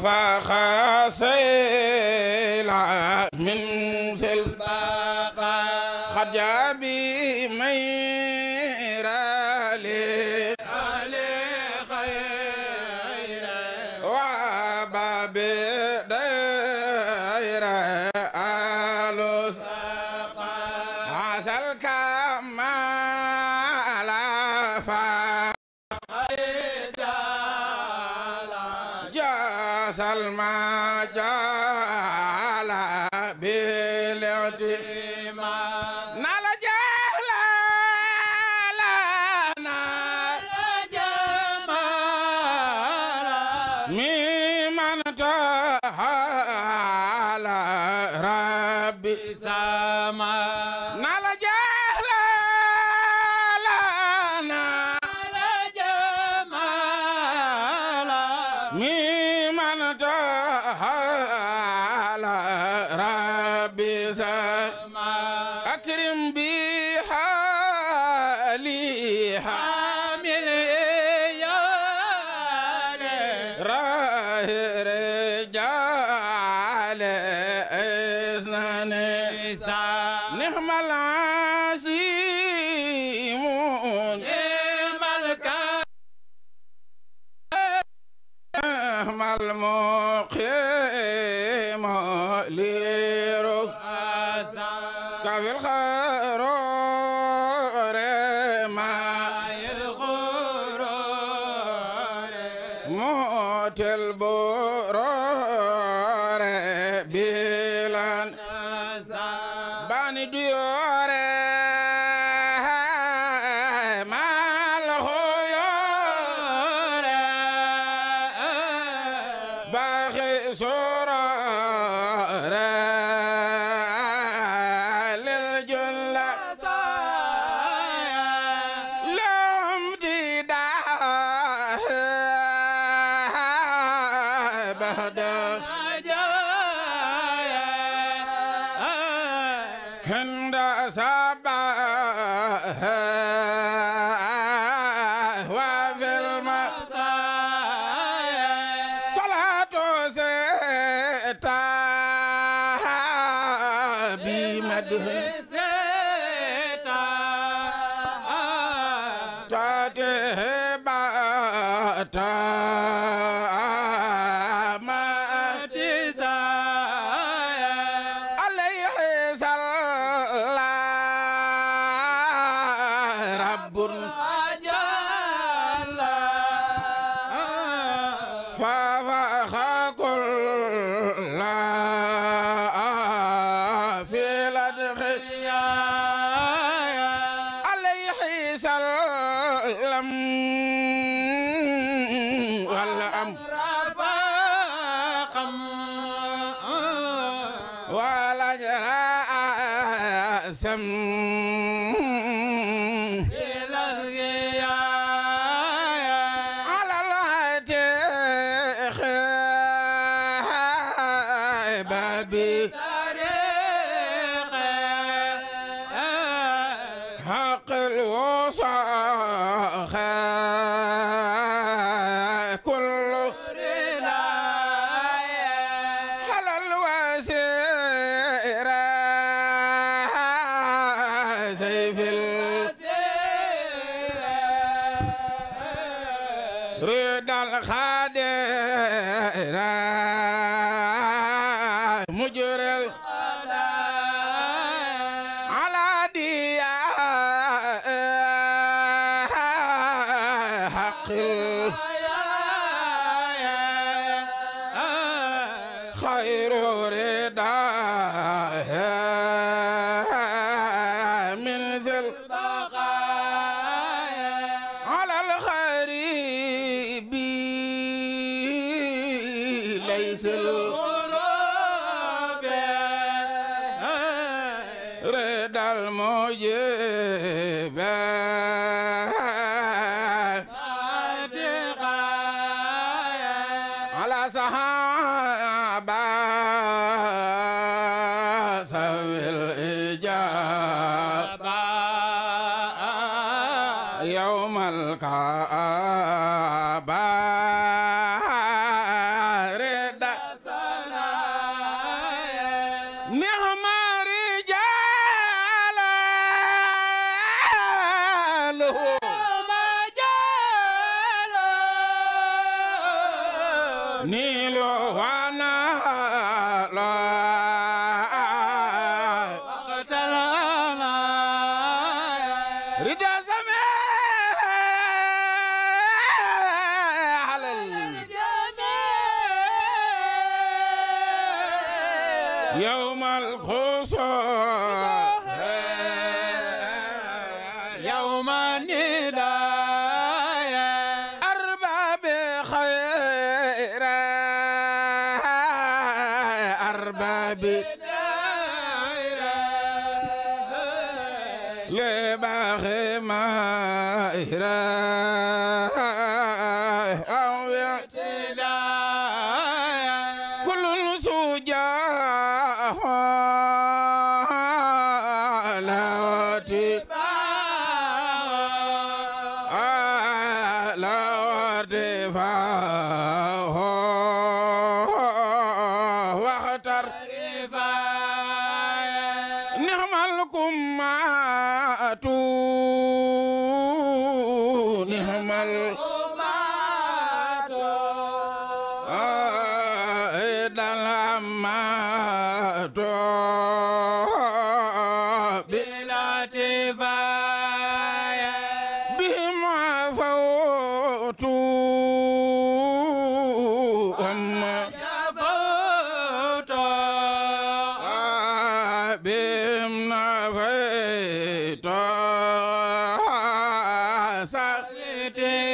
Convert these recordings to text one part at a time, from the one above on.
فخسيلا من tel borom babi ni lo wana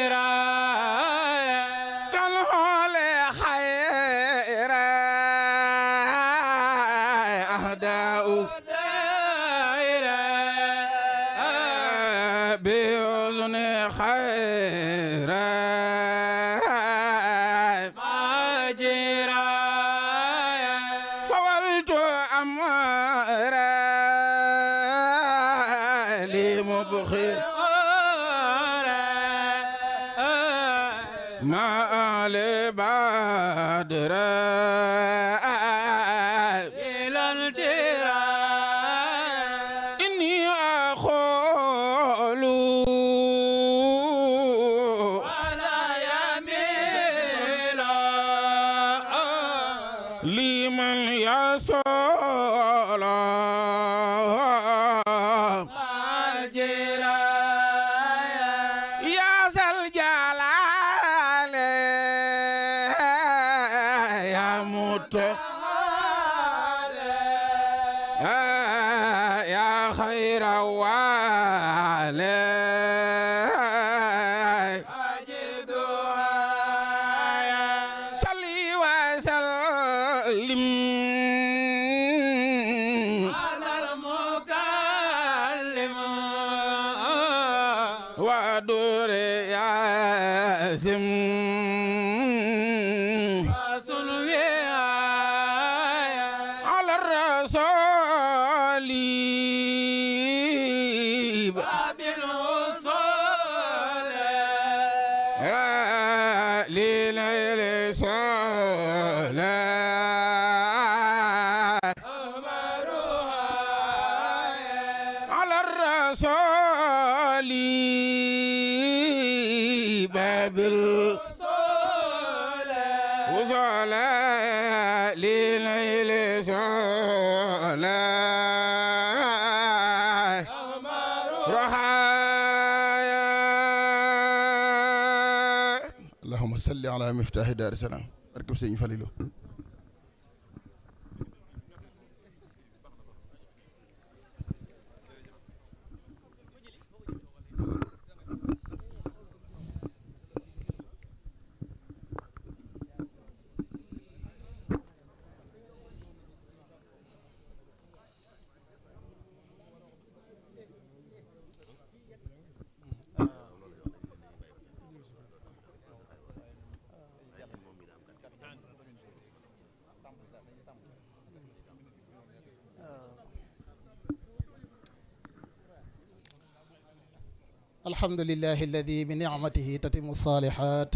तेरा لا Miftaahi Daari Salaam barkeb Sëriñ Falilu الحمد لله الذي بنعمته تتم الصالحات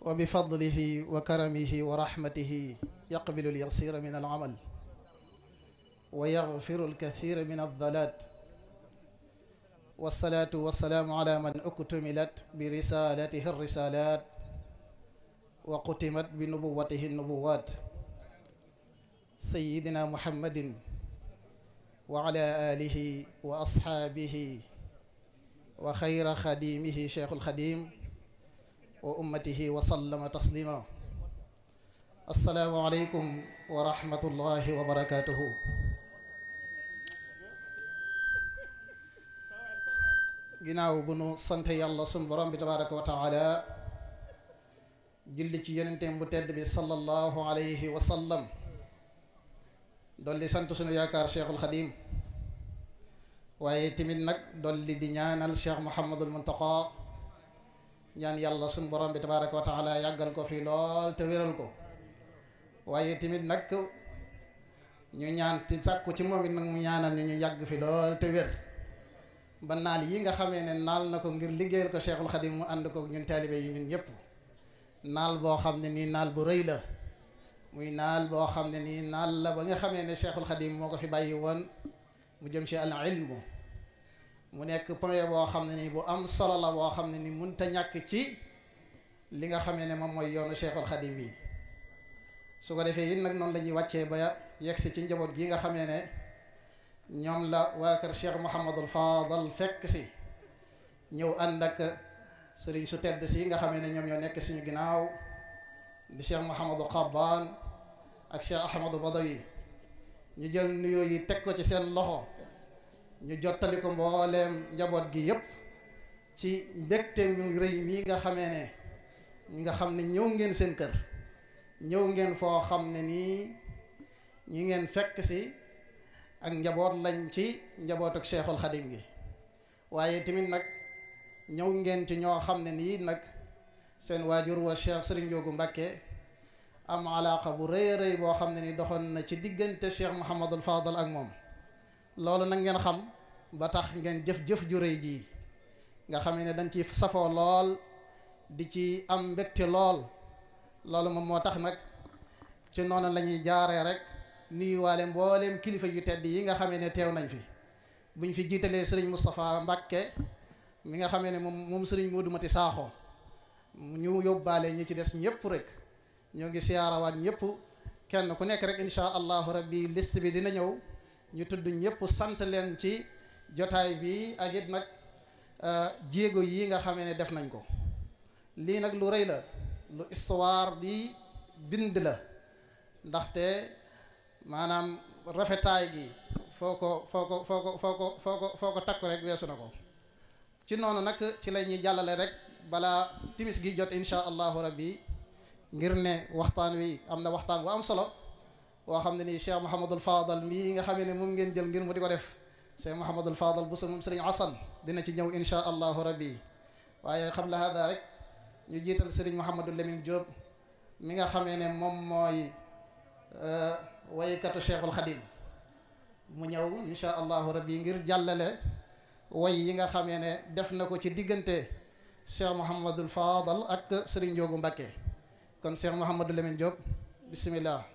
وبفضله وكرمه ورحمته يقبل اليسير من العمل ويغفر الكثير من الضلات والصلاة والسلام على من أكتملت برسالته الرسالات وقتمت بنبوته النبوات سيدنا محمد وعلى آله وأصحابه wa xayra xadimihi cheikhul xadim wa ummatihi wa sallama taslima asalaamualeykum wa rahmatullahi wa barakatuhu ginnaaw bu nu sant yàlla sunu borom bi tabaraka wa taala julli ci yonenteem bu tedd bi sallallahu alayhi wa sallam dolli sant sunu yaakaar waaye tamit nag dolli di ñaanal Cheikh Mouhamadul Muntaqa ñaan yàlla suñ borom bi tabaaraka wa taala yàggal ko fi lool te wéral ko waaye tamit nag ñu ñaan ci sàkku ci moom it nag mu ñaanal ñu ñu yàgg fi lool te wér ba naal yi nga xamee ne naal na ko ngir liggéeyal ko Cheikhul Khadim mu ànd ko ñun taalibe yi ñun ñëpp naal boo xam ne nii naal bu rëy la muy naal boo xam ne nii naal la ba nga xamee ne Cheikhul Khadim moo ko fi bàyyi woon mu jëm ci al ilmu mu nekk projet boo xam ne nii bu am solo la boo xam ne ni munta ñàkk ci li nga xamee ne moom mooy yoonu Cheikhul Khadim yi su ko defee yéen nag noonu lañuy ñuy wàccee ba yegsi ci njaboot gi nga xamee ne ñoom la waa kër Cheikh Mouhamadul Fadal fekk si ñëw ànd ak sëriñ su tedd si nga xamee ne ñoom ñoo nekk suñu ginnaaw di Cheikh Mouhamadou Xabbaan ak Cheikh Ahmadou Badawi ñu jël nuyoo yi teg ko ci seen loxo ñu jottali ko mbooleem njaboot gi yëpp ci mbégte mu rëy mii nga xamee ne nga xam ne ñëw ngeen seen kër ñëw ngeen foo xam ne nii ñi ngeen fekk si ak njaboot lañ ci njabootuk Cheikhul Xadim gi waaye tamit nag ñëw ngeen ci ñoo xam ne nii nag seen waajur wa Cheikh Serigne Ndiogou mbakke am alaaqa bu rëy a rëy boo xam ne ni doxoon na ci diggante Cheikh Mouhamadul Fadal ak moom loolu nag ngeen xam ba tax ngeen jëf-jëf ju rëy jii nga xame ne dañ ci safoo lool di ci am mbégte lool loolu moom moo tax nag ci noonu lañuy ñuy jaaree rek nuyuwaale mbooleem kilifa yu tedd yi nga xamee ne teew nañ fi buñ fi jiitalee sëriñ Moustapha Mbacke mu nga xamee ne moom moom sëriñ Modou Mati Sakho ñu yóbbaale ñu ci des ñëpp rek ñoo ngi siyaarawaat ñëpp kenn ku nekk rek incha allahu rabbi liste bi dina ñëw. ñu tudd ñëpp sant leen ci jotaay bi ak it nag euh, jéego yi nga xamee ne def nañ ko lii nag lu rëy la lu histoire di bind la ndaxte maanaam rafetaay gi foo ko foo ko foo ko foo ko foo ko foo ko takku rek weesu na ko ci noonu nag ci la ñuy jàllale rek balaa timis gi jot insha allahu rabbi ngir ne waxtaan wi am na waxtaan bu am solo waa xam ne nii Cheikh Mouhamadul Fadal mii nga xamee ne moom ngeen jël ngir mu di ko def Cheikh Mouhamadul Fadal bu sa moom sëriñ Asan dina ci ñëw insha allahu rabbi waaye xam la hada rek ñu jiital sëriñ Mouhamadou lemin Diop mi nga xamee ne moom mooy euh, waykatu Cheikhul Khadim mu ñëw insha allahu rabbi ngir jàllale way yi nga xamee ne def na ko ci diggante Cheikh Mouhamadul Fadal ak sëriñ Njoogu Mbakke kon Cheikh Mouhamadou lemin Diop bismillah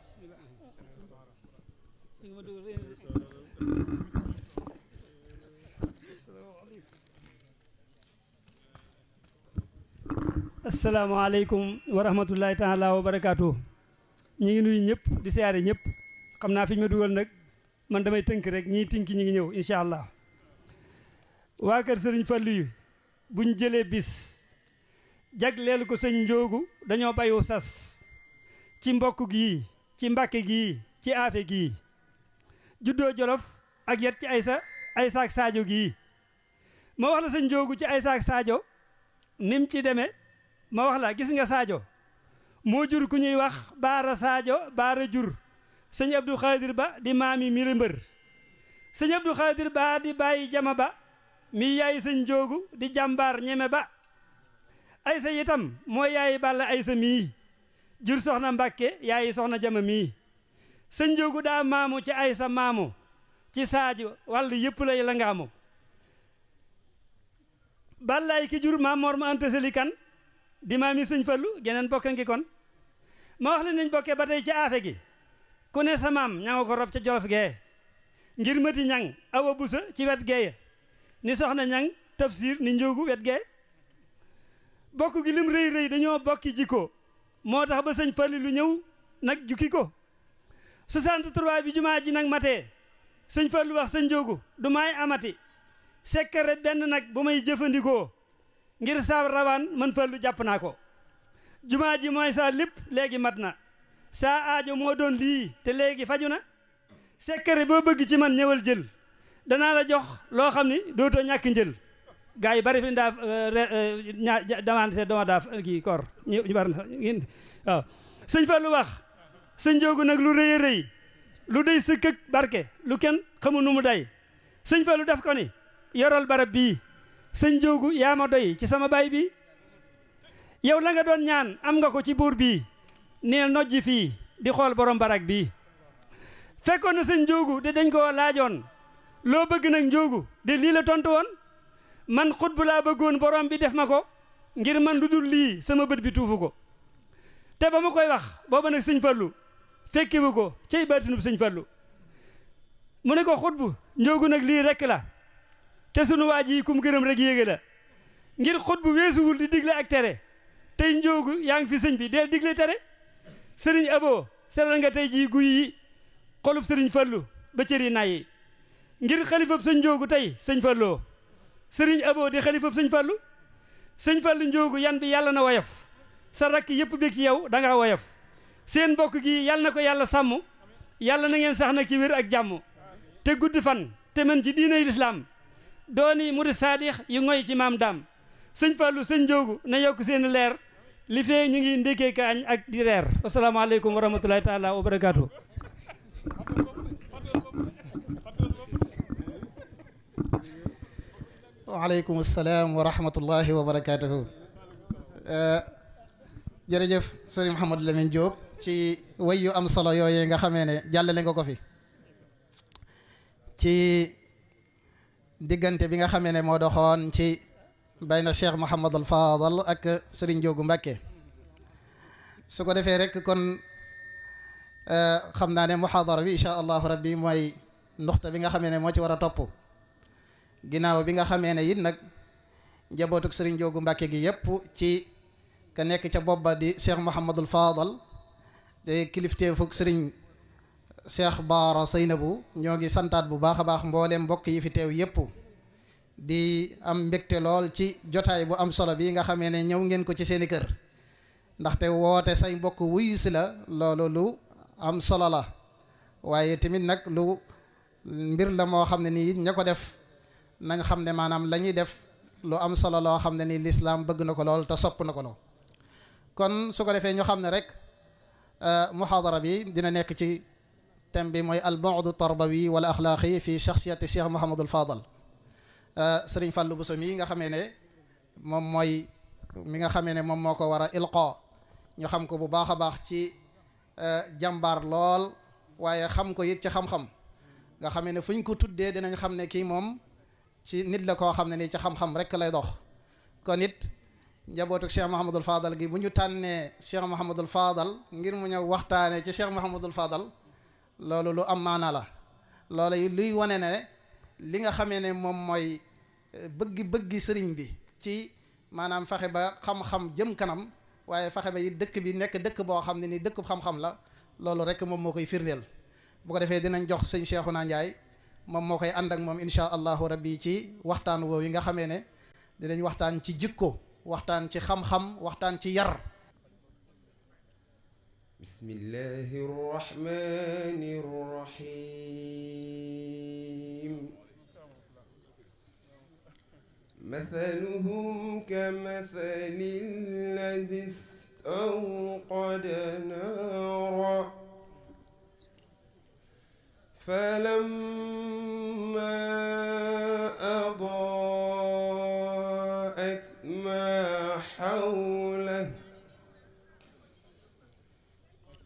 asalaamaaleykum wa rahmatullahi taala wa barakaatu ñi ngi nuyu ñëpp di siyaare ñëpp xam naa fi ñu ma dugal nag man damay tënk rek ñii tinki ñi ngi ñëw incha allah waa kër sëriñ Fallu yi buñ jëlee bis jagleel ko sëñ njoogu dañoo bayu sas ci mbokk gii ci mbàkke gii ci aafe gii juddoo jolof ak yet ci aysa aysa ak saajo gi ma wax la sëñ joogu ci aysa ak saajo nim ci demee ma wax la gis nga saajo moo jur ku ñuy wax baara saajo baara jur sëñ abdou xaadir ba di maami mi mbër sëñ abdou xaadir ba di bàyyi jama ba mi yaay sëñ joogu di jàmbaar ñeme ba aysa itam moo yaayi balla aysa mii jur soxna mbàkke yaayi soxna jama mii sëñ Njóogu daa maamu ci ay sa maamu ci saaju wàll yëpp la ngaamu ballay ki jur maam Mor ma Anta Sali kan di maam Fallu geneen bokka ngi kon ma wax nañ bokkee ba tey ci aafe gi ku ne sa maam ko rob ca jolof gee ngir mati ñang awa busa ci wet geeya ni soxna ñang tafsir ni njóogu wet gee bokk gi lim rëy rëy dañoo bokki jiko moo tax ba sëñ Fallu lu ñëw nag jukki 63 bi jumaa ji nag matee sëñ Fallu wax sëñ Njóogu du may amati sekkare benn nag boo may jëfandikoo ngir saa rawaan man Fallu jàpp naa ko jumaa ji mooy saa lépp léegi mat na saa aajo moo doon lii te léegi faju na sekkare boo bëgg ci man ñëwal jël danaa la jox loo xam ni dootoo ñàkk njël gaa yi bari fi daaf euh, euh, ña demande see dama daaf kii koor ñu wax sa nag lu rëy a rëy lu day sëkkëg barke lu kenn xamul nu mu day sëñ fa def ko ni yoral barab bii sëñ njoogu yaa ma doy ci sama baay bi yow la nga doon ñaan am nga ko ci buur bii neel nojji fii di xool borom barak bii fekkoon na sëñ njoogu de dañ koo laajoon loo bëgg nag njoogu de lii la tontu woon man xut bu laa bëggoon borom bi def ma ko ngir man lu dul lii sama bët bi tuufu ko te ba ma koy wax booba nag sëñ Fallu fekkewu ko cey baatinub sëñ Fallu mu ne ko xutbu njoogu nag lii rek la te sunu waa ji kum gërëm rek yéege la ngir xutbu weesuwul di digle ak tere tey njoogu yaa ngi fi sëñ bi deel digle tere sëriñ Abo seral nga tey jii guy yi xolub sëriñ Fallu ba cër yi nayi ngir xalifab sëñ njoogu tey sëñ Falloo sëriñ Abo di xalifab sëñ Fallu sëñ Fallu njoogu yan bi yàlla na woyof sa rakk yëpp bég ci yow da ngaa woyof seen bokk gi yal na ko yàlla sàmm yàlla na ngeen sax na ci wér ak jàmm te gudd fan te mën ci diinay lislaam dooni murid saadix yu ngoy ci maam daam sëñ Fallou sëñ Joogu na yokk seen leer li fee ñu ngi ndékkee ka añ ak di reer asalaamaaleykum wa rahmatulahi taala wa barakaatu waaleykum wa rahmatullahi wa barakaatuhu eh, jërëjëf sëriñ Mouhamadou Lamine Diop ci way yu am solo yooyee nga xamee ne jàllale nga ko fi ci diggante bi nga xamee ne moo doxoon ci bay na Cheikh Mouhamadul Fadal ak Serigne Diogu Mbacke su ko defee rek kon euh, xam naa ne muhaadara bi incha allahu rabbi mooy ndoxta bi nga xamee ne moo ci war a topp ginnaaw bi nga xamee ne it nag njabootuk Serigne Diogu Mbacke gi yëpp ci ka nekk ca bopp ba di Cheikh Mouhamadul Fadal. te kilifteefug sëriñ Cheikh Baara bu ñoo ngi santaat bu baax a baax mbooleem mbokk yi fi teew yépp di am mbegte lool ci jotaay bu am solo bi nga xamee ne ñëw ngeen ko ci seeni kër ndaxte woote say mbokk wuyu si la loolu lu am solo la waaye tamit nag lu mbir la moo xam ne nii ña ko def nañ xam ne maanaam lañuy def lu am solo loo xam ne nii lislaam bëgg na ko lool te sopp na ko lool kon su ko defee ñu xam ne rek Euh, muxaadara bi dina nekk ci thème bi mooy al bu'd tarbawi wal axlaaqi fi shaxsiyati Cheikh Mouhamadul Fadal euh, Serigne Fallou Bousso mi nga xamee ne moom mooy mi nga xamee ne moom moo ko war a ilqa ñu xam ko bu baax a baax ci euh, jàmbaar lool waaye xam ko it ci xam-xam nga xamee ne fuñ ko tuddee dinañ xam ne kii moom ci nit la koo xam ne nii ci xam-xam rek lay dox kon it njabootu Cheikh Mouhamadul Fadal gi bu ñu tànnee Cheikh Mouhamadul Fadal ngir mu ñëw waxtaanee ci Cheikh Mouhamadul Fadal loolu lu am maanaa la loolu luy wane ne li nga xamee ne moom mooy bëgg-bëggi eh, sëriñ bi ci maanaam faxe ba xam-xam jëm kanam waaye fexe ba yi dëkk bi nekk dëkk boo xam ne ni dëkk xam-xam la loolu rek moom moo koy firndeel bu ko defee dinañ jox sëñ Cheikhouna Ndiaye moom moo koy ànd ak moom incha allahu rabbi ci waxtaan woowu yi nga xamee ne dinañ waxtaan ci jikko. waxtaan ci xam-xam waxtaan ci yar bismillahi rahmani rahim mathaluhum kamathali alladi istawqada naara falamma adaa حوله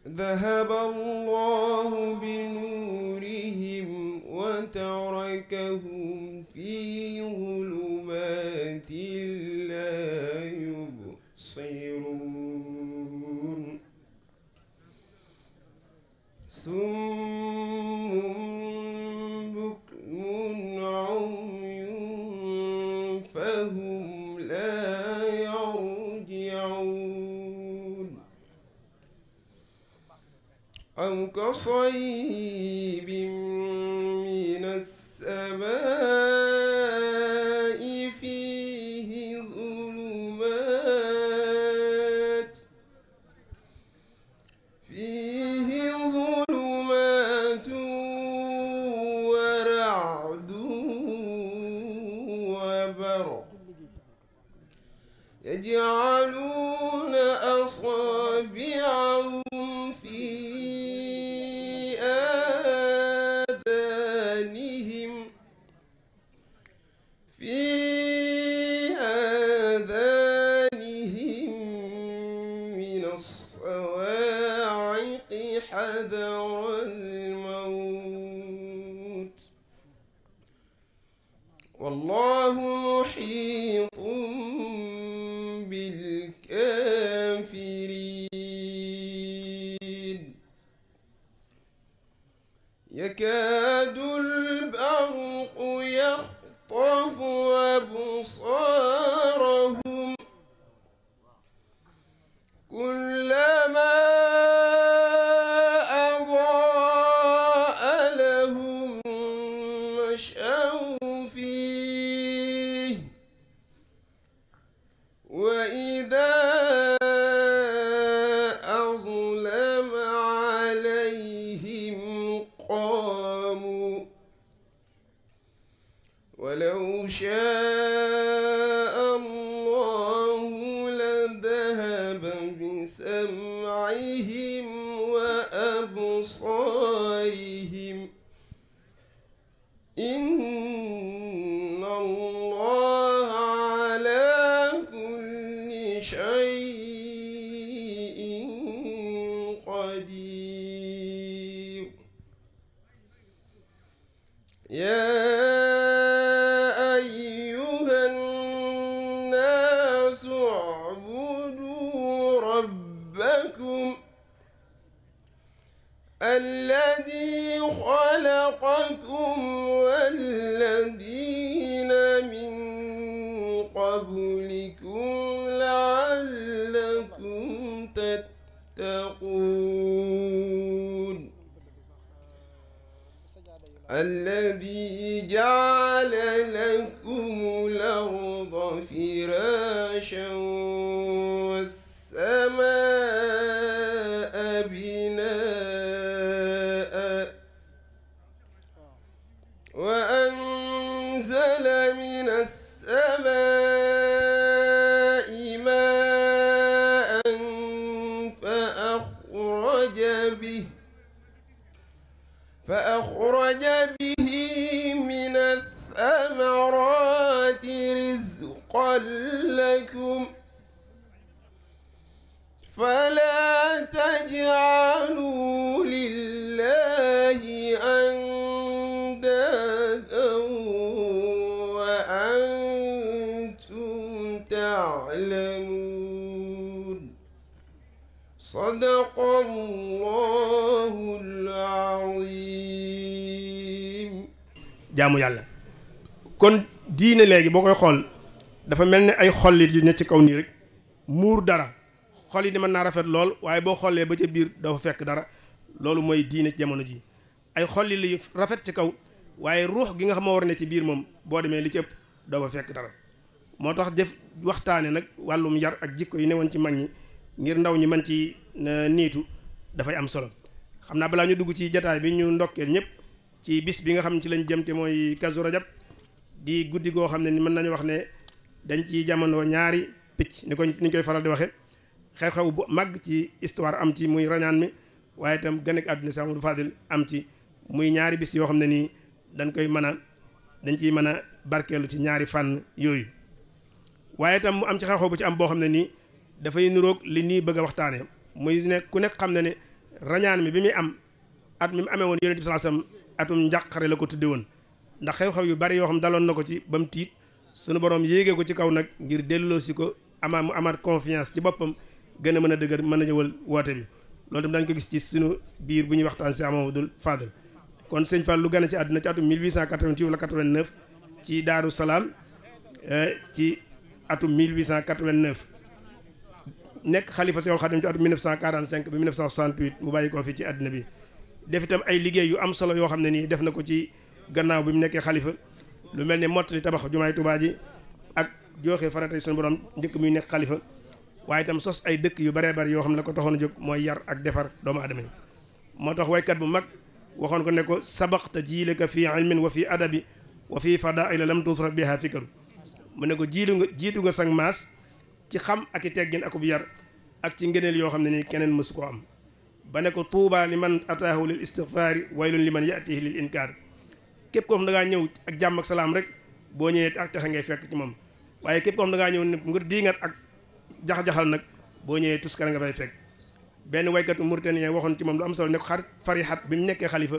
ذهب الله بنورهم وتركهم في ظلمات لا يبصرون ثم أو كصيب الذي خلقكم والذين من قبلكم لعلكم تتقون الذي جعل لكم الأرض فراشا jaamu yàlla kon diine léegi boo koy xool dafa mel ne ay xollit yu ne ci kaw nii rek muur dara xol yi di mën naa rafet lool waaye boo xoolee ba ca biir doo fa fekk dara loolu mooy diine jamono ji ay xolli li rafet ci kaw waaye ruux gi nga xam moo war ne ci biir moom boo demee li ci ëpp doo fa fekk dara moo tax def waxtaane nag wàllum yar ak jikko yi newoon ci mag ñi ngir ndaw ñi man ci eh, niitu dafay am solo xam naa balaa ñu dugg ci jataay bi ñu ndokkeel ci bis bi nga xam ne ci lañ jëm te mooy Kazu Rajab di guddi goo xam ne ni mën nañu wax ne dañ ci jamono ñaari picc ni ko ni koy faral di waxe xew-xew bu mag ci histoire am ci muy rañaan waaye itam gën ak àdduna sax am ci muy ñaari bis yoo xam ne nii dañ koy mën a dañ ciy mën a barkeelu ci ñaari fànn yooyu waaye tam mu am ci xew-xew bu ci am boo xam ne nii dafay niroog li nii bëgg a waxtaanee muy nekk ku nekk xam ne ne rañaan mi bi muy am at mi mu amee woon yonent bi sallallahu alayhi atum njàqare la ko tudde woon ndax xew-xew yu bari yoo xam daloon na ko ci ba mu tiit sunu borom yéegee ko ci kaw nag ngir delloo si ko ama mu amaat confiance ci boppam gën a mën a dëgër mën a ñëwal woote bi loolu tam dañ ko gis ci sunu biir bu ñuy waxtaan si Amadou Fadel kon sëñ Fall lu gën a ci àdduna ci atum 1888 wala 89 ci Daaru Salaam eh, ci atum 1889 nekk xalifa Seexul Xadim ci atum 1945 bi 1968 mu bàyyi ko fi ci àdduna bi def itam ay liggéey yu am solo yoo xam ne nii def na ko ci gannaaw bi mu nekkee xalifa lu mel ne mottali tabax jumaay Tuubaa ji ak jooxe faratay sunu borom njëkk muy nekk xalifa waaye itam sos ay dëkk yu baree bari yoo xam ne la ko taxoon a jóg mooy yar ak defar doomu aadama moo tax waykat bu mag waxoon ko ne ko sabaqta jiilaka fii ilmin wa fii adabi wa fii fadaila lam tusraf biha fikaru mu ne ko jiitu nga jiitu nga sang maas ci xam ak i teggin bu yar ak ci ngëneel yoo xam ne nii keneen mësu koo am ba ne ko tuubaa li man ataahu lil istigfaari waylun li man yatihi lil inkaar képp koo xam da ñëw ak jàmm ak salaam rek boo ñëwee ak texe ngay fekk moom waaye képp koo xam da ne ngir diingat ak jaxajaxal nag boo ñëwee tuskara nga fay fekk benn waykatu mauritanien waxoon ci moom lu am solo ne ko xat farihat bi mu nekkee xalifa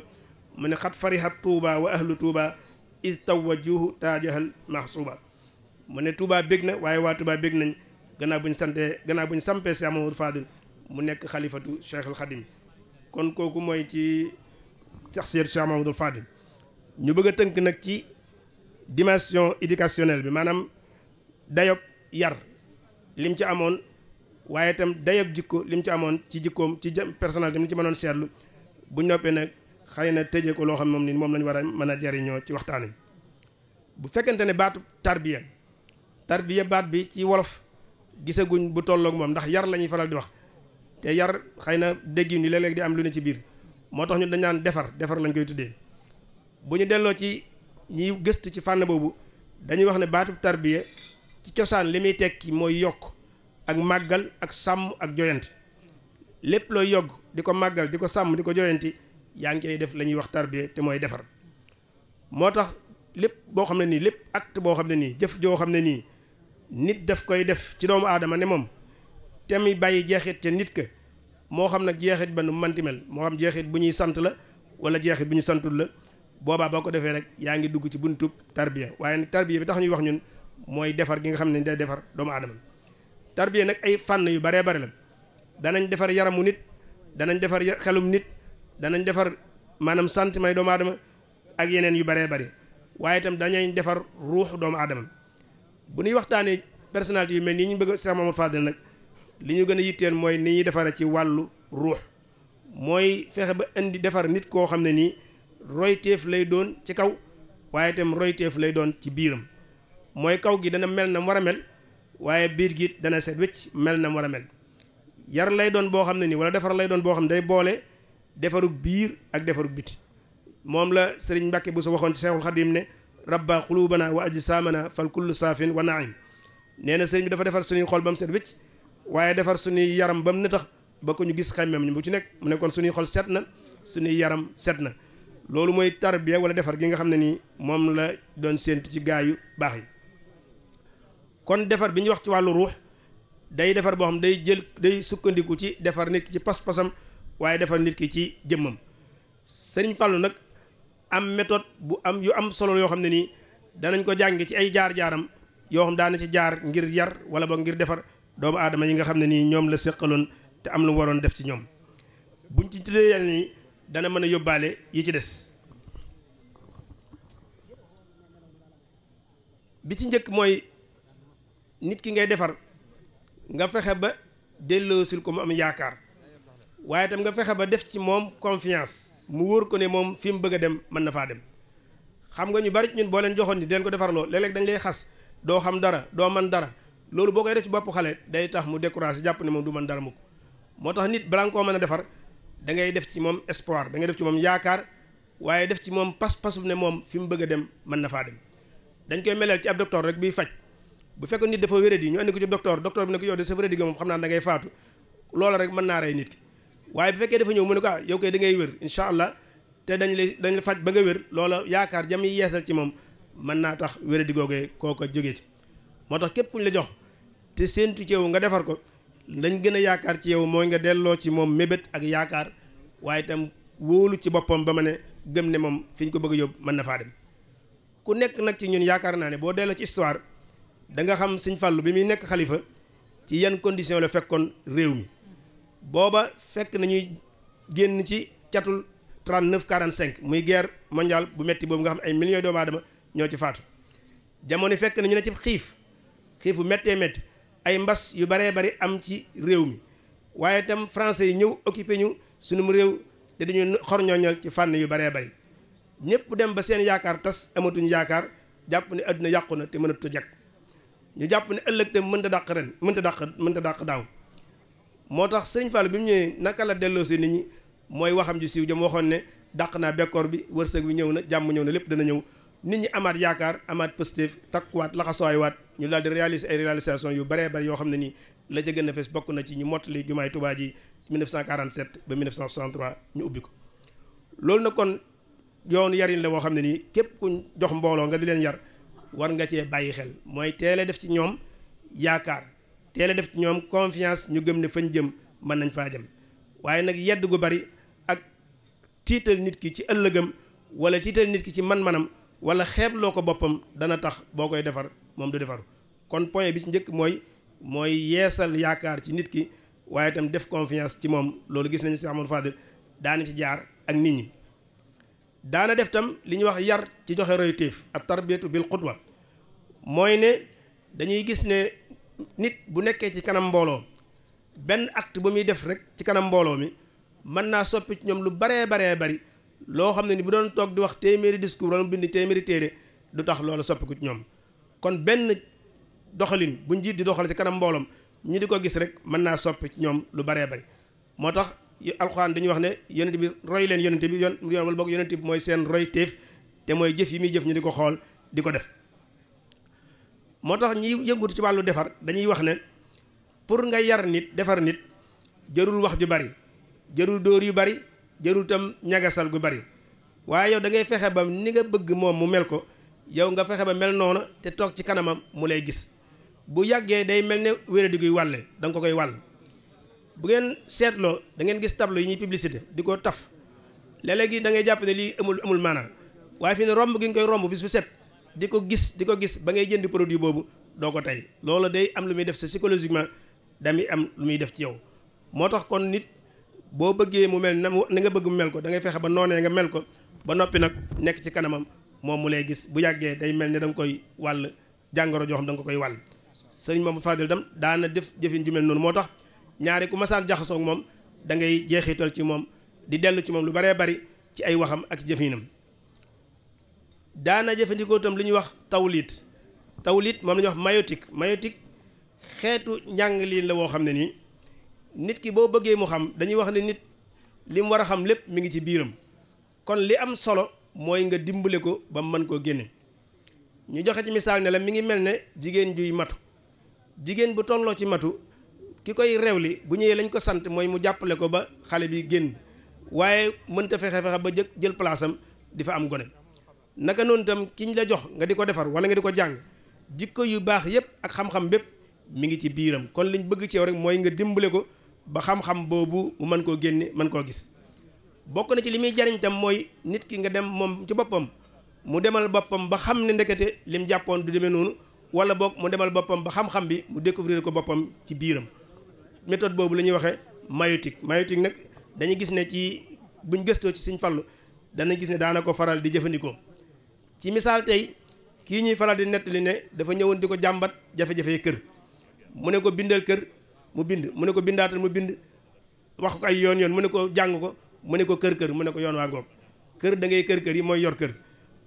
mu ne xat farihat tuuba wa ahlu tuuba is tawwajuhu taajahal mahsuba mu ne tuuba bég na waaye waa tuuba bég nañ gannaaw buñ santee gannaaw buñ sampee si amadou fadil mu nekk xalifatu Cheikhul Khadim kon kooku mooy ci sax seet Cheikh Mamadou Fadim ñu bëgg a tënk nag ci dimension éducationnelle bi maanaam dayob yar lim ci amoon waaye itam dayob jikko lim ci amoon ci jikkoom ci jëm personnalité lim ci mënoon seetlu bu noppee nag xëy na tëjee ko loo xam moom ni moom lañu war a mën a jariñoo ci waxtaan bu fekkente ne baatu tarbiya tarbiya baat bi ci wolof gisaguñ bu tolloog moom ndax yar la ñuy faral di wax te yar xëy na dégg ni léeg-léeg di am lu ne ci biir moo tax ñu dañ naan defar defar lañ koy tuddee bu ñu delloo ci ñiy gëstu ci fànn boobu dañuy wax ne baatub tarbiya ci cosaan li muy tekki mooy yokk ak màggal ak sàmm ak joyant lépp looy yogg di ko màggal di ko sàmm di ko joyanti yaa ngi koy def la ñuy wax tarbiya te mooy defar moo tax lépp boo xam ne nii lépp acte boo xam ne nii jëf joo xam ne nii nit daf koy def ci doomu aadama ne moom te muy bàyyi jeexit ca nit ka moo xam nag jeexit ba nu manti mel moo xam jeexit bu ñuy sant la wala jeexit bu ñu santul la boobaa boo ko defee rek yaa ngi dugg ci buntub tarbiya waaye nag tarbiya bi tax ñuy wax ñun mooy defar gi nga xam ne day defar doomu aadama tarbiya nag ay fànn yu baree bari la danañ defar yaramu nit danañ defar xelum nit danañ defar maanaam sentiment yi doomu aadama ak yeneen yu baree bari waaye itam dañuy defar ruux doomu aadama bu ñuy waxtaanee personnalité yu mel nii ñu bëgg Cheikh Mamadou Fadel nag li ñu gën a yitteel mooy ni ñuy defare ci wàllu ruux mooy fexe ba indi defar nit koo xam ne nii royteef lay doon ci kaw waaye itam royteef lay doon ci biiram mooy kaw gi dana mel na mu war a mel waaye biir gi dana set wécc mel na mu war a mel yar lay doon boo xam ne nii walla defar lay doon boo xam ne day boole defarug biir ak defaru biti moom la sëriñ Mbàkke bu sa waxoon ci Seexul Xadim ne rabba xuluubana wa ajsaamana fal kullu saafin wa naim nee na sëriñ bi dafa suñuy xol ba mu set waaye defar suñuy yaram bam ne tax ba ko ñu gis xàmmeem ñu bu ci nekk mu ne kon suñuy xol set na suñuy yaram set na loolu mooy tarbiya wala defar gi nga xam ne nii moom la doon séentu ci gaa yu baax yi kon defar bi ñuy wax ci wàllu ruux day defar boo xam day jël day sukkandiku ci defar nit ki ci pas-pasam waaye defar nit ki ci jëmmam sëriñ Fallou nag am méthode bu am yu am solo yoo xam ne nii danañ ko jànge ci ay jaar-jaaram yoo xam daana ci jaar ngir yar wala ba ngir defar doomu aadama yi nga xam ne nii ñoom la seqaloon te am lu waroon def ci ñoom buñ ci tuddee yàlla nii dana mën a yóbbaale yi ci des bi ci njëkk mooy nit ki ngay defar nga fexe ba delloosil ko mu am yaakaar waaye tam nga fexe ba def ci moom confiance mu wóor ko ne moom fi mu bëgg a dem mën na faa dem xam nga ñu bari ñun boo leen joxoon ni di leen ko defarloo léeg-léeg dañ lay xas doo xam dara doo man dara loolu boo koy def ci bopp xale day tax mu découragé jàpp ne moom du mën dara mukk moo tax nit balaa nga koo mën a defar da ngay def ci moom espoir da ngay def ci moom yaakaar waaye def ci moom pas-pasu ne moom fi mu bëgg a dem mën na faa dem dañ koy meleel ci ab docteur rek biy faj bu fekkoon nit dafa wéradi ñu andi ko ci docteur docteur bi ne ko yow de sa wéradi gi moom xam naa da ngay rek mën naa rey nit ki waaye bu fekkee dafa ñëw mu ne ko ah yow kay da ngay wér incha allah te dañ lay dañ la faj ba nga wér loola yaakaar jam yeesal ci moom mën naa tax wéradi googee koo ko jógee ci moo tax képp kuñ la jox te séentu ci yow nga defar ko lañ gën a yaakaar ci yow mooy nga delloo ci moom mébét ak yaakaar waaye itam wóolu ci boppam ba ma ne gëm ne moom fi ñu ko bëgg a yóbbu mën na faa dem ku nekk nag ci ñun yaakaar naa ne boo delloo ci histoire da nga xam sëñ fàllu bi muy nekk xalifa ci yan condition la fekkoon réew mi booba fekk nañuy génn ci catul 39 45 muy guerre mondiale bu metti boobu nga xam ay millions doomu aadama ñoo ci faatu jamono fekk nañu ne ci xiif xiif bu métti ay mbas yu baree bari am ci réew mi waaye itam français yi ñëw occupé ñu sunu réew te dañuy xorñooñal ci fànn yu baree bari ñëpp dem ba seen yaakaar tas amatuñu yaakaar jàpp ne àdduna yàqu na te mënatu jag ñu jàpp ne ëllëg tam mënta dàq ren mënta dàq mënta dàq daaw moo tax sëriñ Fall bi mu ñëwee naka la delloo si nit ñi mooy waxam ji siiw jëm waxoon ne dàq naa bekkoor bi wërsëg bi ñëw na jàmm ñëw na lépp dana ñëw nit ñi amaat yaakaar amaat positif takkuwaat waat ñu daal di réaliser ay réalisation yu bëree bëri yoo xam ne nii la ca gën a fes na ci ñu mottali jumaay Tuubaa ji 1947 ba 1963 ñu ubbi ko loolu nag kon yoonu yarin la woo xam ne nii képp ku jox mbooloo nga di leen yar war nga cee bàyyi xel mooy teele def ci ñoom yaakaar teele def ci ñoom confiance ñu gëm ne fañ jëm mën nañ faa jëm waaye nag yedd gu bari ak tiital nit ki ci ëllëgam wala tiital nit ki ci man-manam wala xeebloo ko boppam dana tax boo koy defar moom du defaru kon point bi ci njëkk mooy mooy yeesal yaakaar ci nit ki waaye itam def confiance ci moom loolu gis nañu Cheikh Amadou Fadil daana ci jaar ak nit ñi daana def tam li ñuy wax yar ci joxe royu téef ak tarbiyatu bil xutwa mooy ne dañuy gis ne nit bu nekkee ci kanam mbooloo benn acte bu muy def rek ci kanam mbooloo mi mën naa soppi ci ñoom lu baree baree bari loo xam ne ni bu doon toog di wax téeméeri discours wala mu bind téeméeri téere du tax loola soppiku ci ñoom kon benn doxalin bu njiit di doxal ci kanam mbooloom ñu di ko gis rek mën naa soppi ci ñoom lu baree bari moo tax alxuraan dañuy wax ne yonent bi roy leen yonent bi yon wala boog yonent mooy seen roy te mooy jëf yi muy jëf ñu di ko xool di ko def moo tax ñi yëngutu ci wàllu defar dañuy wax ne pour nga yar nit defar nit jërul wax ju bari jërul dóor yu bari jërul tam ñagasal gu bari waaye yow da ngay fexe ba ni nga bëgg moom mu mel ko yow nga fexe ba mel noonu te toog ci kanamam mu lay gis bu yàggee day mel ne wéradi guy wàlle danga ko koy wàll bu ngeen seetloo da ngeen gis tableau yi ñuy publicité di ko taf léeg-léegi da ngay jàpp ne lii amul amul maanaa waaye fi ne romb gi nga koy romb bis bu set di ko gis di ko gis ba ngay jënd produit boobu doo ko tey loolu day am lu muy def sa psychologiquement dami am muy def ci yow boo bëggee mu mel na ni nga bëgg mu mel ko dangay fexe ba noonee nga mel ko ba noppi nag nekk ci kanamam moom mu lay gis bu yàggee day mel ni da koy wàll jàngoro joo xam da nga koy wàll sëriñ moom Fadil tam daana def jëfin ju mel noonu moo tax ñaari ku masaan jaxasook moom dangay ngay jeexital ci moom di dellu ci moom lu baree bari ci ay waxam ak jëfinam daana jëfandikoo tam li ñuy wax tawliit tawliit moom la ñuy wax mayotique mayotique xeetu njàng lii la woo xam ne nii nit ki boo bëggee mu xam dañuy wax ne nit li mu war a xam lépp mi ngi ci biiram kon li am solo mooy nga dimbale ko ba mu mën koo génne ñu joxe ci misaal ne la mi ngi mel ne jigéen juy matu jigéen bu tolloo ci matu ki koy rewli bu ñëwee lañ ko sant mooy mu jàppale ko ba xale bi génn waaye mënta fexe fexe ba jëkk jël place am di fa am gone naka noonu tam kiñ la jox nga di ko defar wala nga di ko jàng jikko yu baax yépp ak xam-xam bépp mu ngi ci biiram kon liñ bëgg ci rek mooy nga dimbale ko ba xam-xam boobu mu mën koo génne mën koo gis bokk na ci li muy jariñ tam mooy nit ki nga dem moom ci boppam mu demal boppam ba xam ne ndekete lim jàppoon du demee noonu wala boog mu demal boppam ba xam bi mu découvrir ko boppam ci biiram méthode boobu la ñuy waxee maïeutique maïeutique nag dañu gis ne ci buñ gëstoo ci Sëñ Fallu dana gis ne daana ko faral di jëfandikoo ci misaal tey kii ñuy faral di nettali ne dafa ñëwoon di ko jàmbat jafe-jafe kër mu ne ko bindal kër mu bind mu ne ko bindaatal mu bind wax ko ay yoon yoon mu ne ko jàng ko mu ne ko kër kër mu ne ko yoon waa ngoog kër da ngay kër kër yi mooy yor kër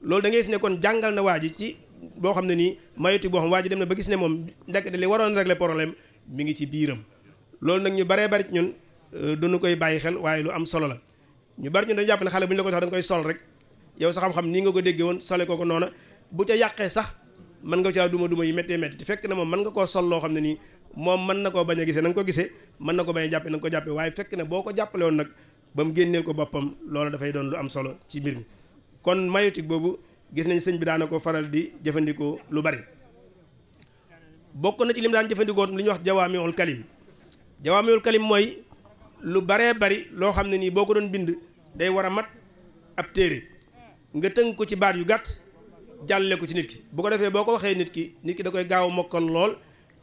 loolu da ngay gis ne kon jàngal na waa ji ci boo xam ne nii mayoti boo xam waa ji dem na ba gis ne moom ndekete li waroon régler problème mi ngi ci biiram loolu nag ñu baree bari ci ñun euh, duñu koy bàyyi xel lu am solo la ñu bari ñun dañu jàpp ne xale bu ñu la ko tax sol rek yow sa xam nii nga ko déggee woon ko ko noona bu ca yàqee sax mën nga caa duma duma yi méttee métti fekk na moom mën nga koo sol loo xam ne nii moom mën na koo bañ a gisee na ko gisee mën na ko bañ a jàppe na nga ko jàppe waaye fekk ne boo ko jàppale nag ba mu génneel ko boppam loolu dafay doon lu am solo ci mbir mi kon mayotique boobu gis nañ sëñ bi daana ko faral di jëfandikoo lu bari bokk na ci lim daan jëfandikoon li ñuy wax jawaamiul kalim jawaamiul kalim mooy lu baree bari loo xam ne nii boo ko doon bind day war a mat ab téere nga tënk ko ci baat yu gàtt jàlle ko ci nit ki bu ko defee boo ko waxee nit ki nit ki da koy gaaw mokkal lool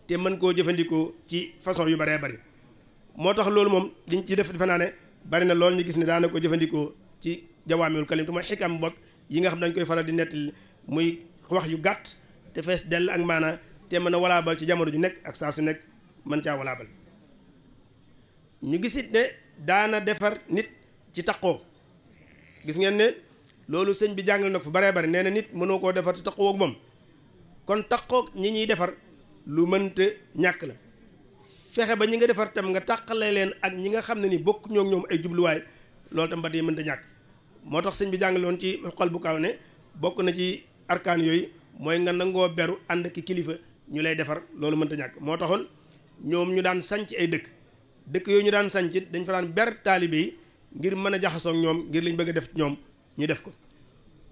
te mën koo jëfandikoo ci façon yu baree bari moo tax loolu moom liñ ci def defe naa ne bari na lool ñu gis ne daana ko jëfandikoo ci jawaamiul kalim te mooy xikam bokk yi nga xam dañ koy faral di nettali muy wax yu gàtt te fees dell ak maana te mën a walaabal ci jamono ju nekk ak saa su nekk man caa walaabal ñu gisit ne daana defar nit ci taqoo gis ngeen ne loolu sëñ bi jàngal nag fu baree bari nee na nit mënoo koo defar ci taqoo ak moom kon taqoo ñi ñuy defar lu mënta ñàkk la fexe ba ñi nga defar tam nga tàqale leen ak ñi nga xam ne ni bokk ñoom ay jubluwaay loolu tam ba day mënta ñàkk moo tax sëñ bi jàngaloon ci xol bu kaw ne bokk na ci arkaan yooyu mooy nga nangoo beru ànd ki kilifa ñu lay defar loolu mënta ñàkk moo taxoon ñoom ñu daan sanc ay dëkk dëkk yooyu ñu daan sanc dañ fa daan ber taalibe yi ngir mën a jaxasoog ñoom ngir lañ bëgg def ñoom ñu def ko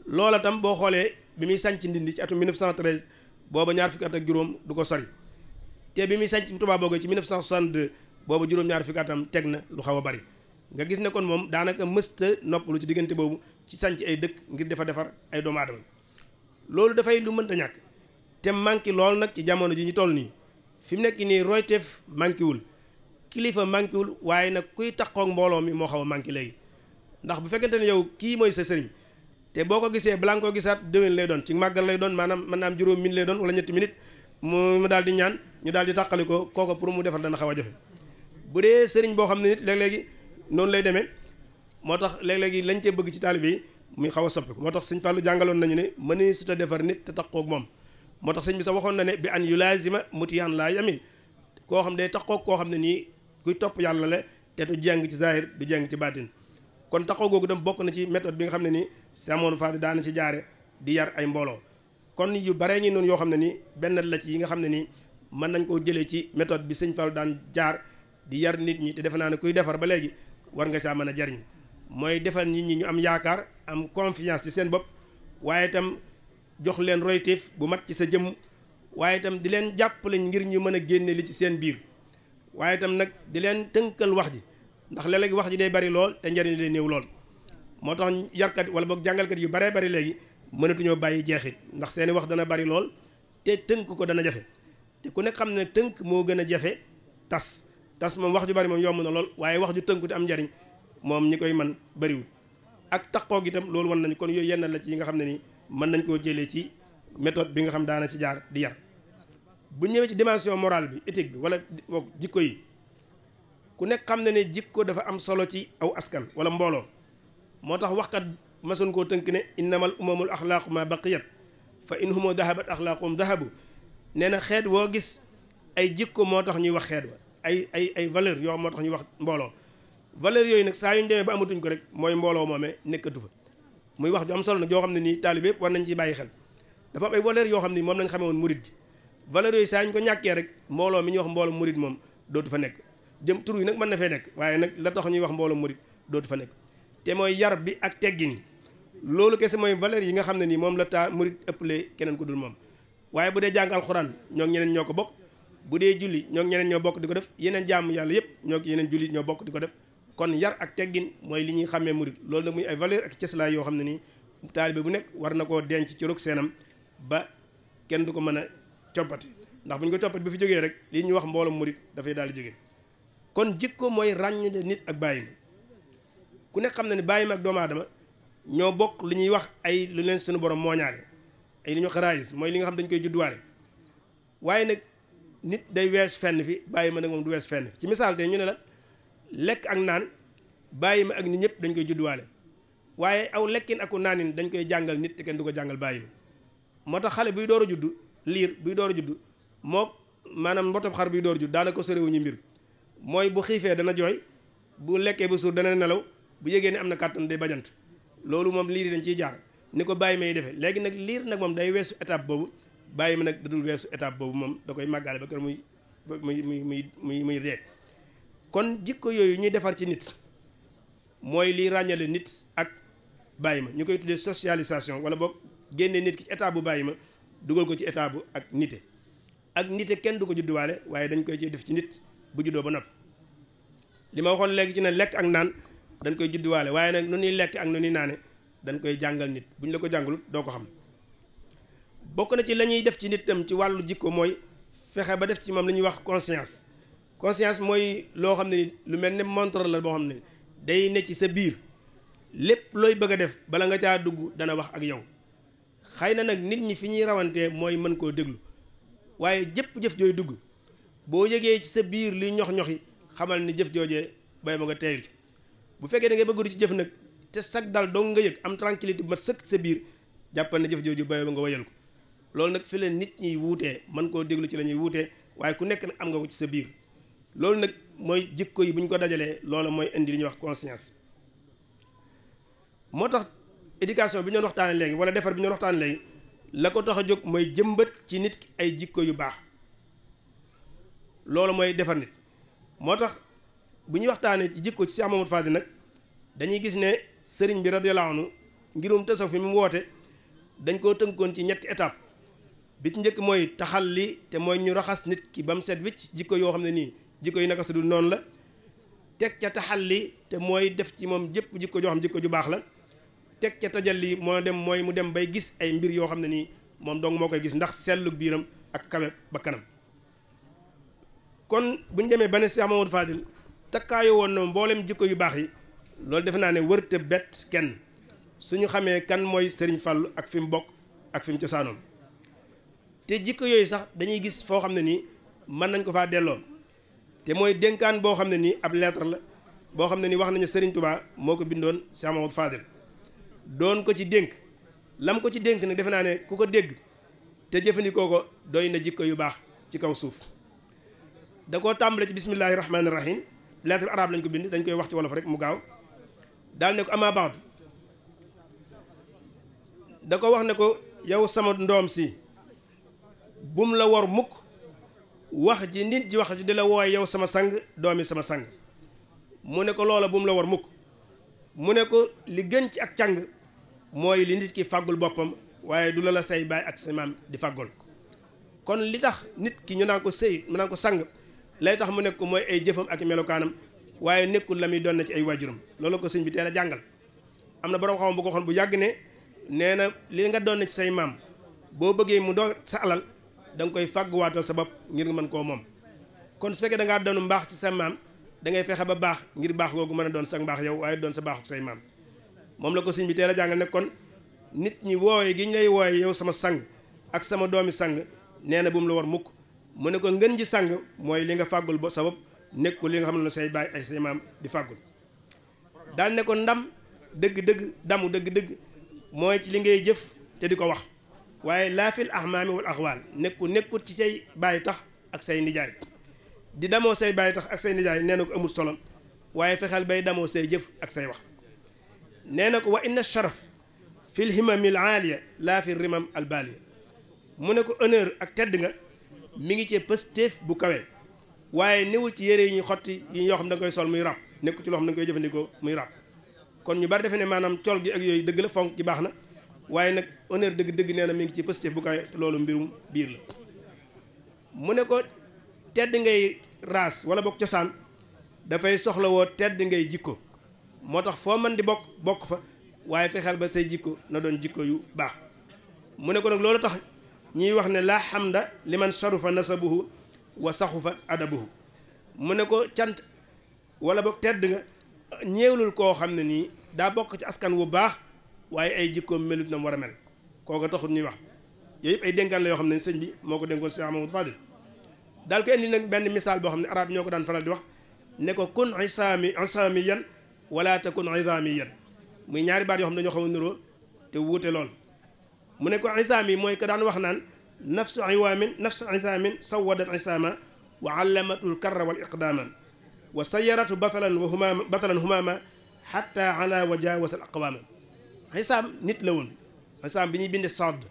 loola tam boo xoolee bi muy sanc ndindi ci atum 1913 booba ñaar fukki at ak juróom du ko sori te bi muy sanc Touba Bogo ci 1962 booba juróom ñaar fukki atam teg na lu xaw a bari nga gis ne kon moom daanaka mësta noppalu ci diggante boobu ci sanc ay dëkk ngir defa defar ay doomu aadama loolu dafay lu mënta ñàkk te manqué lool nag ci jamono ji ñu toll nii fi mu nekk nii royteef manqué wul kilifa manqué wul waaye nag kuy taxoog mbooloo mi moo xaw a manqué léegi ndax bu fekkente ne yow kii mooy sa sëriñ te boo ko gisee balaa nga koo gisaat déwén lay doon ci màggal lay doon maanaam maanaam juróom min lay doon wala ñetti minute mu daal di ñaan ñu daal di tàqali ko kooko pour mu defal dana xaw a joxe bu dee sëriñ boo xam ne nit léeg-léegi noonu lay demee moo tax léeg-léegi lañ cee bëgg ci taalibe yi muy xaw a ko moo tax sëñ Fallou jàngaloon nañu ne mëni su ta defar nit te taqoog moom moo tax sëñ bi sax waxoon na ne bi an yu laazima mutiyaan laa yamin koo xam ne taqoog koo xam ne nii kuy topp yàlla la te du jàng ci zahir du jàng ci baatin kon taxaw googu dem bokk na ci méthode bi nga xam ne ni Samoon Faati daana ci jaare di yar ay mbooloo kon yu baree ngi noonu yoo xam ne ni benn la ci yi nga xam ne ni mën nañ koo jëlee ci méthode bi sëñ Fallu daan jaar di yar nit ñi te defe naa ne kuy defar ba léegi war nga caa mën a jariñ mooy defar nit ñi ñu am yaakaar am confiance ci seen bopp waaye itam jox leen royteef bu mat ci sa jëmm waaye itam di leen jàppale ngir ñu mën a génne li ci seen biir waaye itam nag di leen tënkal wax ji ndax léeg-léegi wax ji day bari lool te njariñ day néew lool moo tax yarkat wala boog jàngalkat yu baree bari léegi mënatuñoo bàyyi jeexit ndax seeni wax dana bari lool te tënk ko dana jafe te ku nekk xam ne tënk moo gën a jafe tas tas moom wax ju bari moom yomb na lool waaye wax ju tënku te am njariñ moom ñi koy man bariwul ak taqoo gi itam loolu wan nañu kon yooyu yenn la ci yi nga xam ne ni mën nañ koo jëlee ci méthode bi nga xam daana ci jaar di yar bu ñëwee ci dimension morale bi éthique bi wala jikko yi ku nekk xam na ne ko dafa am solo ci aw askan wala mbooloo moo tax wax kat masoon koo tënk ne innamal umamul axlaaqu ma baqiyat fa in humo dahabat axlaaquhum dahabu nee na xeet woo gis ay ko moo tax ñuy wax xeet wa ay ay ay valeur yoo moo tax ñuy wax mbooloo valeur yooyu nag saa yu ñu demee ba ko rek mooy mbooloo moomee nekkatu fa muy wax ju am solo nag yoo xam ne nii taalibe yëpp war nañ ci bàyyi xel dafa am ay yoo xam ne moom lañ xamee woon murid ji valeur yooyu saa ñu ko ñàkkee rek mbooloo mi ñuy wax mbooloo murid moom dootu fa nekk jëm tur yi nag mën na fee nekk waaye nag la tax ñuy wax mbooloo murit dootu fa nekk te mooy yar bi ak teggin yi loolu kese mooy valeur yi nga xam ne nii moom la taa murit ëppale keneen ku dul moom waaye bu dee jàng alxuraan ñoo ñeneen ñoo ko bokk bu dee julli ñoo ñeneen ñoo bokk di ko def yeneen jàmm yàlla yëpp ñoo yeneen julli ñoo bokk di ko def kon yar ak teggin mooy li ñuy xàmmee murit loolu nag muy ay valeur ak cëslaay yoo xam ne nii taalibe bu nekk war na koo denc ci rog seenam ba kenn du ko mën a coppati ndax bu ko coppati bu fi jógee rek lii ñu wax mbooloo murit dafay daal di jógee kon jikko mooy ràññee nit ak bàyyi bàyyim ku nekk xam na ne bàyyim ak doomu aadama ñoo bokk li ñuy wax ay lu leen suñu borom mooñaale ay li ñu xaraayis mooy li nga xam dañ koy judduwaale waaye nag nit day wees fenn fi bàyyi ma nag moom du wees fenn ci misaal te ñu ne la lekk ak naan bàyyi ma ak nit ñëpp dañ koy judduwaale waaye aw lekkin aku naanin dañ koy jàngal nit te kenn du ko jàngal bàyyi ma moo tax xale buy door a judd liir buy door a judd moo maanaam mbotob xar buy door a judd daanaka ko soriwu ñu mbir mooy bu xiifee dana jooy bu lekkee ba suur dana nelaw bu yëgee ne am na kàttan day bajant loolu moom liir yi dañ ciy jaar ni ko bàyyi may defee léegi nag liir nag moom day weesu étape boobu bàyyi ma nag dadul weesu étape boobu moom da koy màggaale ba kër muy muy muy muy muy muy dee kon jikko yooyu ñuy defar ci nit mooy liy ràññale nit ak bàyyi ma ñu koy tuddee socialisation wala boog génnee nit ki ci état bu bàyyi ma dugal ko ci état bu ak nite ak nite kenn du ko judduwaale waaye dañ koy ci def ci nit bu juddoo ba nopp li ma waxoon léegi ci ne lekk ak naan dañ koy judduwaale waaye nag nu ñuy lekk ak nu ñuy naane dañ koy jàngal nit bu la ko jàngalut doo ko xam bokk na ci la ñuy def ci nit tam ci wàllu jikko mooy fexe ba def ci moom li ñuy wax conscience conscience mooy loo xam ne lu mel ne montre la boo xam ne day ne ci sa biir lépp looy bëgg a def bala nga caa dugg dana wax ak yow xëy na nag nit ñi fi ñuy rawantee mooy mën koo déglu waaye jëpp jëf jooy dugg boo yëgee ci sa biir li ñox-ñoxi xamal ni jëf joojee bay ma nga teeyul ci bu fekkee da ngay bëgg di ci jëf nag te sag dal dong nga yëg am tranquillité bu mat sëkk sa biir jàppal na jëf jooju bay ma nga wayal ko loolu nag fi leen nit ñiy wuutee man koo déglu ci la ñuy wuutee waaye ku nekk nag am nga ko ci sa biir loolu nag mooy jikko yi bu ñu ko dajalee loola mooy indi li ñuy wax conscience moo tax éducation bi ñoon waxtaane léegi wala defar bi ñoon waxtaane léegi la ko tax a jóg mooy jëmbat ci nit ki ay jikko yu baax loolu mooy defar nit moo tax bu ñuy waxtaanee ci jikko ci Cheikh Mamadou Fadil nag dañuy gis ne sëriñ bi radiyallahu anhu ngirum tasawuf fi mu woote dañ koo tënkoon ci ñetti étape bi ci njëkk mooy taxal li te mooy ñu raxas nit ki ba mu set wicc jikko yoo xam ne nii jikko yi naka su dul noonu la teg ca taxal li te mooy def ci moom jëpp jikko joo xam jikko ju baax la teg ca tajal li moo dem mooy mu dem bay gis ay mbir yoo xam ne nii moom dong moo koy gis ndax sellug biiram ak kawe ba kanam kon bu ñu demee ba ne Cheikh Mamadou Fadil takkaayo woon na mboolem jikko yu baax yi loolu defe naa ne wërte bett kenn su ñu xamee kan mooy Serigne Fallou ak fi mu bokk ak fi mu cosaanoon te jikko yooyu sax dañuy gis foo xam ne nii mën nañ ko faa delloon te mooy dénkaan boo xam ne nii ab lettre la boo xam ne nii wax nañu Serigne Touba moo ko bindoon Cheikh Mamadou Fadil doon ko ci dénk lam ko ci dénk nag defe naa ne ku ko dégg te jëfandikoo ko doy na jikko yu baax ci kaw suuf da ko tàmbale ci bismillahi rahmaani rahim lettre bi arabe lañ ko bind dañ koy wax ci wolof rek mu gaaw daal ne ko ama baadu da ko wax ne ko yow sama ndoom si bum la war mukk wax ji nit ji wax ji di la wooy yow sama sang doomi sama sang mu ne ko loola bum la war mukk mu ne ko li gën ci ak càng mooy li nit ki fàggul boppam waaye du la la say baay ak sa maam di fàggul kon li tax nit ki ñu naa ko sëy mu naan ko sang lay tax mu nekk ko mooy ay jëfam ak melokaanam waaye nekkul la muy doon na ci ay waajuram loolu ko sëñ bi teel a jàngal am na borom xam bu ko waxoon bu yàgg ne nee na li nga doon ci say maam boo bëggee mu doon sa alal da nga koy fàgguwaatal sa bopp ngir mën koo moom kon su da ngaa doon mbaax ci sa da ngay fexe ba baax ngir baax googu mën a doon sa mbaax yow waaye doon sa baaxuk say moom la ko sëñ bi teel a jàngal ne kon nit ñi wooye gi ñu lay wooye yow sama sang ak sama doomi sang nee na bu mu la war mukk mu ne ko ngën ji sàng mooy li nga fàggul ba sabab nekkul li nga xam ne say baay ay say maam di fàggul dal ne ko ndam dëgg-dëgg damu dëgg-dëgg mooy ci li ngay jëf te di ko wax waaye laafil ahmaami wal axwaal nekku nekkut ci say baay tax ak say nijaay di damoo say baay tax ak say nijaay nee na ko amul solo waaye fexeel bay damoo say jëf ak say wax nee na ko wa inna sharaf fi l himami al laa fi rimam al baaliya mu ne ko honneur ak tedd nga mi ngi ci pëstéef bu kawee waaye newul ci yére yi ñuy xotti yi yoo xam da koy sol muy rab nekku ci loo xam da jëfandikoo muy rab kon ñu bari defe ne maanaam col gi ak yooyu dëgg la fonk gi baax na waaye nag honneur dëgg-dëgg nee na mi ngi ci pëstéef bu kawe te loolu mbirum biir la mu ne ko tedd ngay raas wala book cosaan dafay soxlawoo tedd ngay jikko moo tax foo man di bokk bokk fa waaye fexeel ba say jikko na doon jikko yu baax mu ne ko nag loolu tax ñuy wax ne laa xam nda li xamda liman sharufa nasabuhu wa saxu saxufa adabuhu mu ne ko cant wala boog tedd nga ñeewlul koo xam ne nii daa bokk ci askan wu baax waaye ay jikkoom melut na mu war a mel kooka taxut ñuy wax yooyu yëpp ay dénkaan la yoo xam ne sëñ bi moo ko dénkoon Cheikh Amadou Fadil daal ko indi nag benn misaal boo xam ne arab ñoo ko daan faral di wax ne ko kun isaami isaami yan wala takun idaami yan muy ñaari baat yoo xam ne dañoo xaw a niroo te wuute lool mu ne ko isaam yi mooy ko daan wax naan nafsu iwaamin nafsu isaamin sawadat isaama wa allamatul karra wal wa sayaratu basalan wa humaama basalan humaama xatta ala wa jaawasal aqwaama isaam nit la woon isaam bi ñuy binde sodd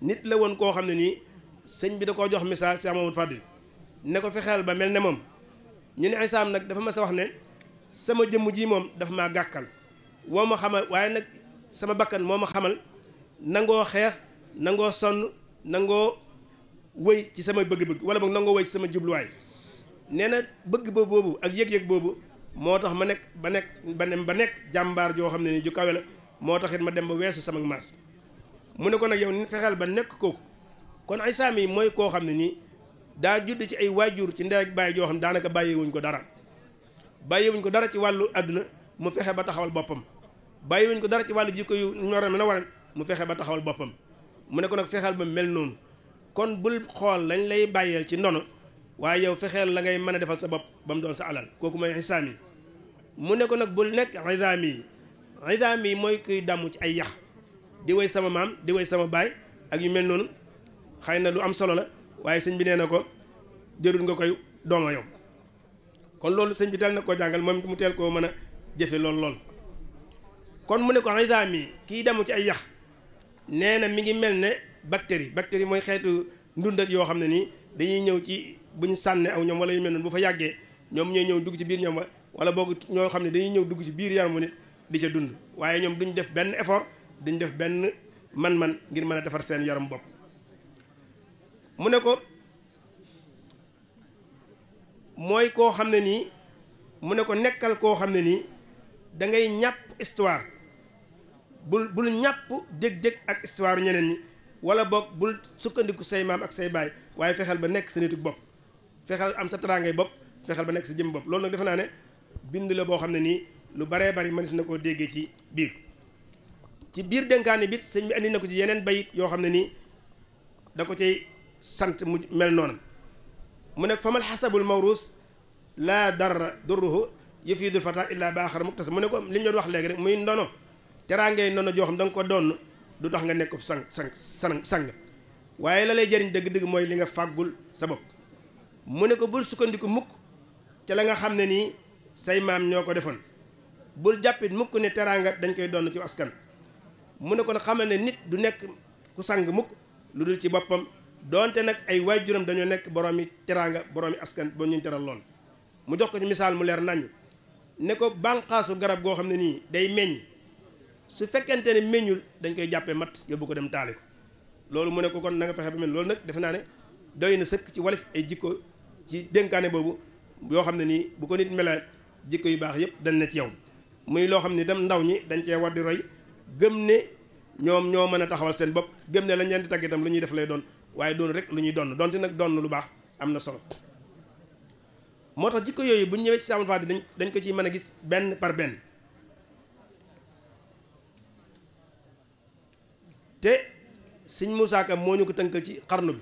nit la woon koo xam ne nii sëñ bi da koo jox misaal si amoon fàddi ne ko fexeel ba mel ne moom ñu ne isaam nag dafa ma sa wax ne sama jëmm ji moom dafa maa gàkkal woo ma xamal waaye nag sama bakkan moo ma xamal nangoo xeex nangoo sonn nangoo wëy ci sama bëgg-bëgg wala boog nangoo wëy ci sama jubluwaay nee na bëgg ba boobu ak yëg-yëg boobu moo tax ma nekk ba nekk ba ba nekk jàmbaar joo xam ne ni ju kawe la moo tax it ma dem ba weesu sama maas mu ne nag yow ni fexeel ba nekk kooku kon ay saam yi mooy koo xam ne nii daa judd ci ay waajur ci ndey ak joo xam ne daanaka bàyyiwuñ ko dara bàyyiwuñ ko dara ci wàllu àdduna mu fexe ba taxawal boppam bàyyiwuñ ko dara ci wàllu jikko yu ñor na war mu fexe ba taxawal boppam mu ne ko nag fexeel ba mel noonu kon bul xool lañ lay bàyyeel ci ndono waaye yow fexeel la ngay mën a defal sa bopp ba mu doon sa alal kooku mooy xisaam mu ne ko nag bul nekk xisaam yi xisaam mooy kuy damm ci ay yax di way sama maam di way sama baay ak yu mel noonu xëy na lu am solo la waaye sëñ bi nee na ko jërul nga koy dooma yow kon loolu sëñ bi teel na koo jàngal moom mu teel koo mën a jëfe lool lool kon mu ne ko xisaam yi kiy damu ci ay yax nee na mi ngi mel ne bactérie bactérie mooy xeetu ndundat yoo xam ne nii dañuy ñëw ci bu sànnee sànne aw ñoom wala yu mel noonu bu fa yàggee ñoom ñooy ñëw dugg ci biir ñoom wa wala boog ñoo xam ne dañuy ñëw dugg ci biir yaramu nit di ca dund waaye ñoom duñ def benn effort duñ def benn man-man ngir mën a defar seen yaram bopp mu ne ko mooy koo xam ne nii mu ne ko nekkal koo xam ne nii da ngay ñàpp histoire bul bul ñàpp dég-dég ak histoire ñeneen ñi wala boog bul sukkandiku say maam ak say baay waaye fexeel ba nekk sa nitu bopp fexeel am sa taraangay bopp fexeel ba nekk sa jëm bopp loolu nag defe naa ne bind la boo xam ne nii lu baree bari mënees na koo déggee ci biir ci biir dénkaane bi sëñ bi andi na ko ci yeneen bayit yoo xam ne nii da ko cay sant mu mel noonu mu ne famal xasabul mawruus laa darra durruhu yëf yi dul fata illaa baaxara muktasab mu ne ko li ñu wax léegi rek muy ndono teraangay noonu joo xam da nga ko doon du tax nga nekk sang sang sang sang waaye la lay jëriñ dëgg-dëgg mooy li nga fàggul sa bopp mu ne ko bul sukkandiku mukk ca la nga xam ne nii say maam ñoo ko defoon bul jàppit mukk ne teraanga dañ koy donn ci askan mu ne kon xamal ne nit du nekk ku sang mukk lu dul ci boppam doonte nag ay waajuram dañoo nekk boroomi teraanga boroomi askan ba ñu teral lool mu jox ko ci misaal mu leer naññ ne ko bànqaasu garab goo xam ne nii day meññ su fekkente ne meññul dañ koy jàppee matt yóbbu ko dem taali ko loolu mu ne ko kon na nga fexe ba mel loolu nag defe naa ne doy na sëkk ci walif ay jikko ci dénkaane boobu yoo xam ne nii bu ko nit melee jikko yu baax yëpp dañ na ci yow muy loo xam ne dem ndaw ñi dañ cee war di roy gëm ne ñoom ñoo mën a taxawal seen bopp gëm ne lañ leen di tagg itam lu ñuy def lay doon waaye doon rek lu ñuy donn donte nag donn lu baax am na solo moo tax jikko yooyu bu ñëwee ci saamal dañ dañ ko ciy mën a gis benn par benn te sëñ Moussa Ka moo ñu ko tënkal ci xarnu bi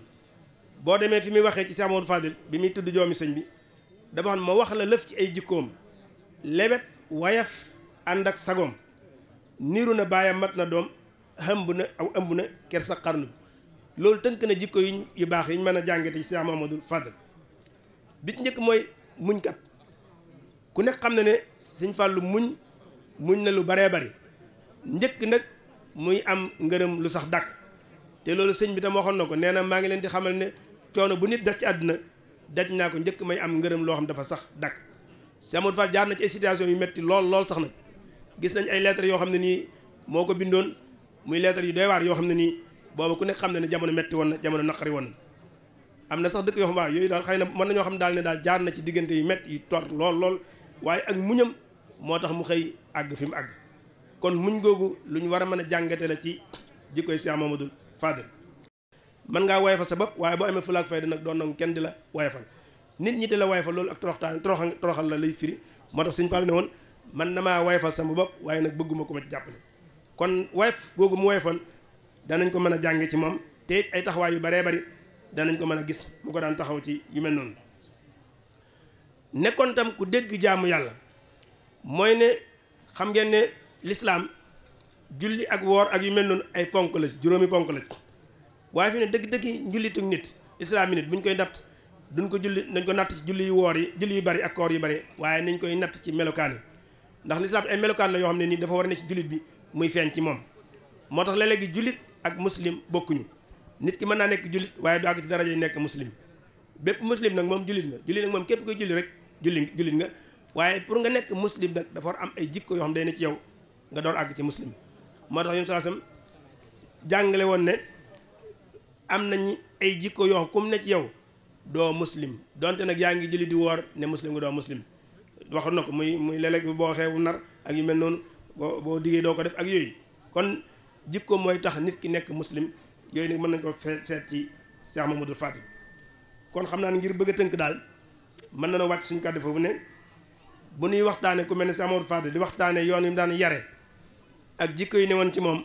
boo demee fi muy waxee ci Cheikh Amadou Fadil bi muy tudd joomi sëñ bi dafa xam ma wax la lëf ci ay jikkoom lewet wayaf ànd ak sagoom niiru na baayam mat na doom ëmb na aw ëmb na ker sa xarnu bi loolu tënk na jikko yi yu baax yi mën a jàngate ci Cheikh Amadou Fadil bi ci njëkk mooy muñkat ku nekk xam na ne sëñ Fallou muñ muñ na lu baree bari njëkk nag muy am ngërëm lu sax dàkk te loolu sëñ bi tam waxoon na ko nee na maa ngi leen di xamal ne coono bu nit daj ci àdduna daj naa ko njëkk may am ngërëm loo xam dafa sax dàkk Samadou Fall jaar na ci situation yu metti lool lool sax nag gis nañ ay lettres yoo xam ne nii moo ko bindoon muy lettres yu doy waar yoo xam ne nii booba ku nekk xam ne ne jamono metti woon na jamono naqari woon na am na sax dëkk yoo xam waaw yooyu daal xëy na mën nañoo xam daal ne daal jaar na ci diggante yu metti yu tor lool lool waaye ak muñam moo tax mu xëy àgg fi mu àgg kon muñ googu lu ñu war a mën a jàngate la ci jikkoy Cheikh Mamadou Fadel mën ngaa woyofal sa bopp waaye boo amee fulaak fayda nag doon nangu kenn di la woyofal nit ñi di la woyofal loolu ak toroxtaan toroxal toroxal la lay firi moo tax Sëñ Fallu ne woon man na maa woyofal sama bopp waaye nag bëgguma ko ma ci jàppale kon woyof googu mu woyofal danañ ko mën a jànge ci moom te ay taxawaay yu baree bari danañ ko mën a gis mu ko daan taxaw ci yu mel noonu nekkoon tam ku dégg jaamu yàlla mooy ne xam ngeen ne lislaam julli ak woor ak yu mel noonu ay ponk la juróomi ponk la waaye fi ne dëgg-dëgg jullitu nit islaam yi nit bu ñu koy natt duñ ko julli nañ ko natt ci julli yu woor yi julli yu bari ak koor yu bari waaye nañ natt ci melokaan yi ndax lislaam ay melokaan la yoo xam ne nii dafa war a ci jullit bi muy feeñ ci moom moo tax léeg-léegi jullit ak muslim bokkuñu nit ki mën naa nekk jullit waaye du àgg ci daraja nekk muslim bépp muslim nag moom jullit nga jullit nag moom képp koy julli rek julli jullit nga waaye pour nga nekk muslim nag dafa war am ay jikko yoo xam day ne ci yow nga door àgg ci muslim moo tax yonent salaasam jàngale woon ne am nañ ay jikko yoo xam kum ne ci yow doo muslim donte nag yaa ngi julli di woor ne muslim nga doo muslim waxoon na ko muy muy léeg-léeg boo xeewu nar ak yu mel noonu boo boo diggee doo ko def ak yooyu kon jikko mooy tax nit ki nekk muslim yooyu nag mën nañ ko fee seet ci Cheikh Mamadou Fatim kon xam naa ne ngir bëgg tënk daal mën na na wàcc suñu kàddu foofu ne bu ñuy waxtaane ku mel ne Cheikh Mamadou Fatim di waxtaane yoon yi mu daan yare ak jikko yi ne woon ci moom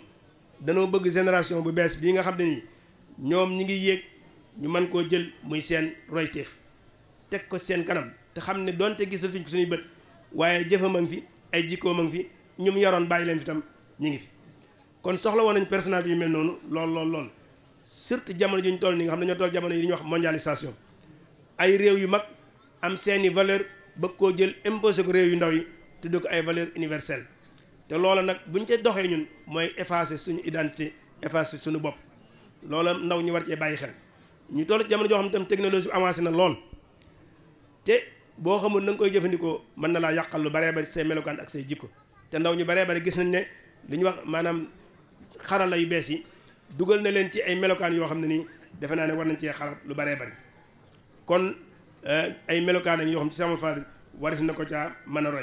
danoo bëgg génération bu bees bii nga xam ne nii ñoom ñi ngi yéeg ñu mën koo jël muy seen royteef teg ko seen kanam te xam ne donte gisatuñ ko suñuy bët waaye jëfam a ngi fi ay jikkoo ma ngi fi ñum yoroon bàyyi leen fi tam ñu ngi fi kon soxla woon nañ personnalité yu mel noonu lool lool lool surtout jamono ji ñu toll nga xam ne ñoo toll jamono yi ñuy wax mondialisation ay réew yu mag am seeni valeur bëgg koo jël imposé ko réew yu ndaw yi tudd ko ay valeur universelle te loola nag buñ ca doxee ñun mooy effacer suñu identité effacer suñu bopp loola ndaw ñu war cee bàyyi xel ñu toll ci joo xam ne tam technologie bi avancé na lool te boo xamul na nga koy jëfandikoo mën na laa yàqal lu baree bari say melokaan ak say jikko te ndaw ñu baree bari gis nañ ne li ñu wax maanaam xarala yu bees yi dugal na leen ci ay melokaan yoo xam ne nii defe naa ne war nañ cee xalaat lu baree bari kon eh, ay melokaan lañ yoo xam ci sama faar na ko caa mën a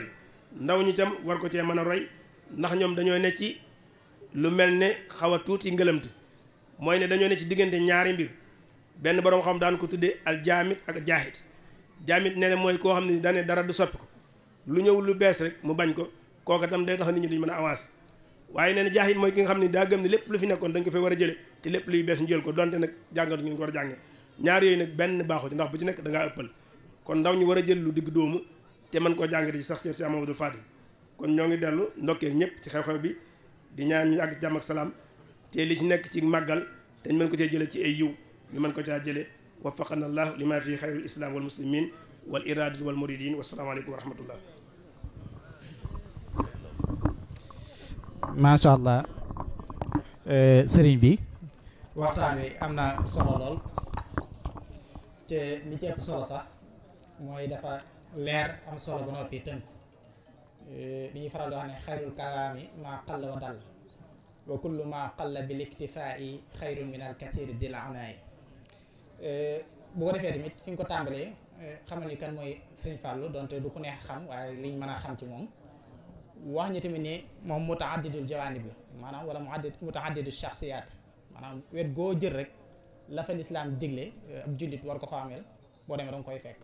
ndaw ñi tam war ko cee mën a roy ndax ñoom dañoo ne ci lu mel ne xaw a tuuti ngëlëmte mooy ne dañoo ne ci diggante ñaari mbir benn boroom xam daan ko tuddee jaamit ak jaahit jaamit ne mooy koo xam ne daane dara du soppi ko lu ñëw lu bees rek mu bañ ko kooka tam day tax nit ñi duñ mën a avancer waaye nee na jaahit mooy ki nga xam ne daa gëm ne lépp lu fi nekkoon dañ ko fay war a jële te lépp luy bees ñu ko donte nag jàngatu ñu ko war a jànge ñaar yooyu nag benn baaxu ci ndax bu ci nekk da ngaa ëppal kon ndaw ñu war a jël lu digg dóomu te mën koo jàngate ci sax seer si Amadou Fadil kon ñoo ngi dellu ndokkeel ñëpp ci xew-xew bi di ñaan ñu àgg jàmm ak salaam te li ci nekk ci màggal dañ mën ko cee jële ci ay yiw ñu mën ko caa jële waffaqana allah li ma fi xayril islam wal muslimin wal iradati wal muridin wasalaamaaleykum wa rahmatullah macha allah eh, sëriñ bi waxtaan wi am na solo lool te li ci solo sax mooy dafa leer am solo ba noppi tënk Eh, li ñuy faral di wax ne xayrul kalaami maa qalla wa dalla wa kullu maa qalla bil iktifaa'i xayrun min al kathiiri dil anaa'i eh, bu ko defee tamit fi nga ko tàmbalee eh, xamal ni kan mooy Sëriñ Fàllu donte du ku neex xam waaye liñ mën a xam ci moom wax ñi tamit ni moom mutaaddidul jawaanib la maanaam wala muaddid mutaaddidul shaxsiyaat maanaam wet goo jël rek la fa lislaam digle ab jullit war ko fa ameel boo demee danga koy fekk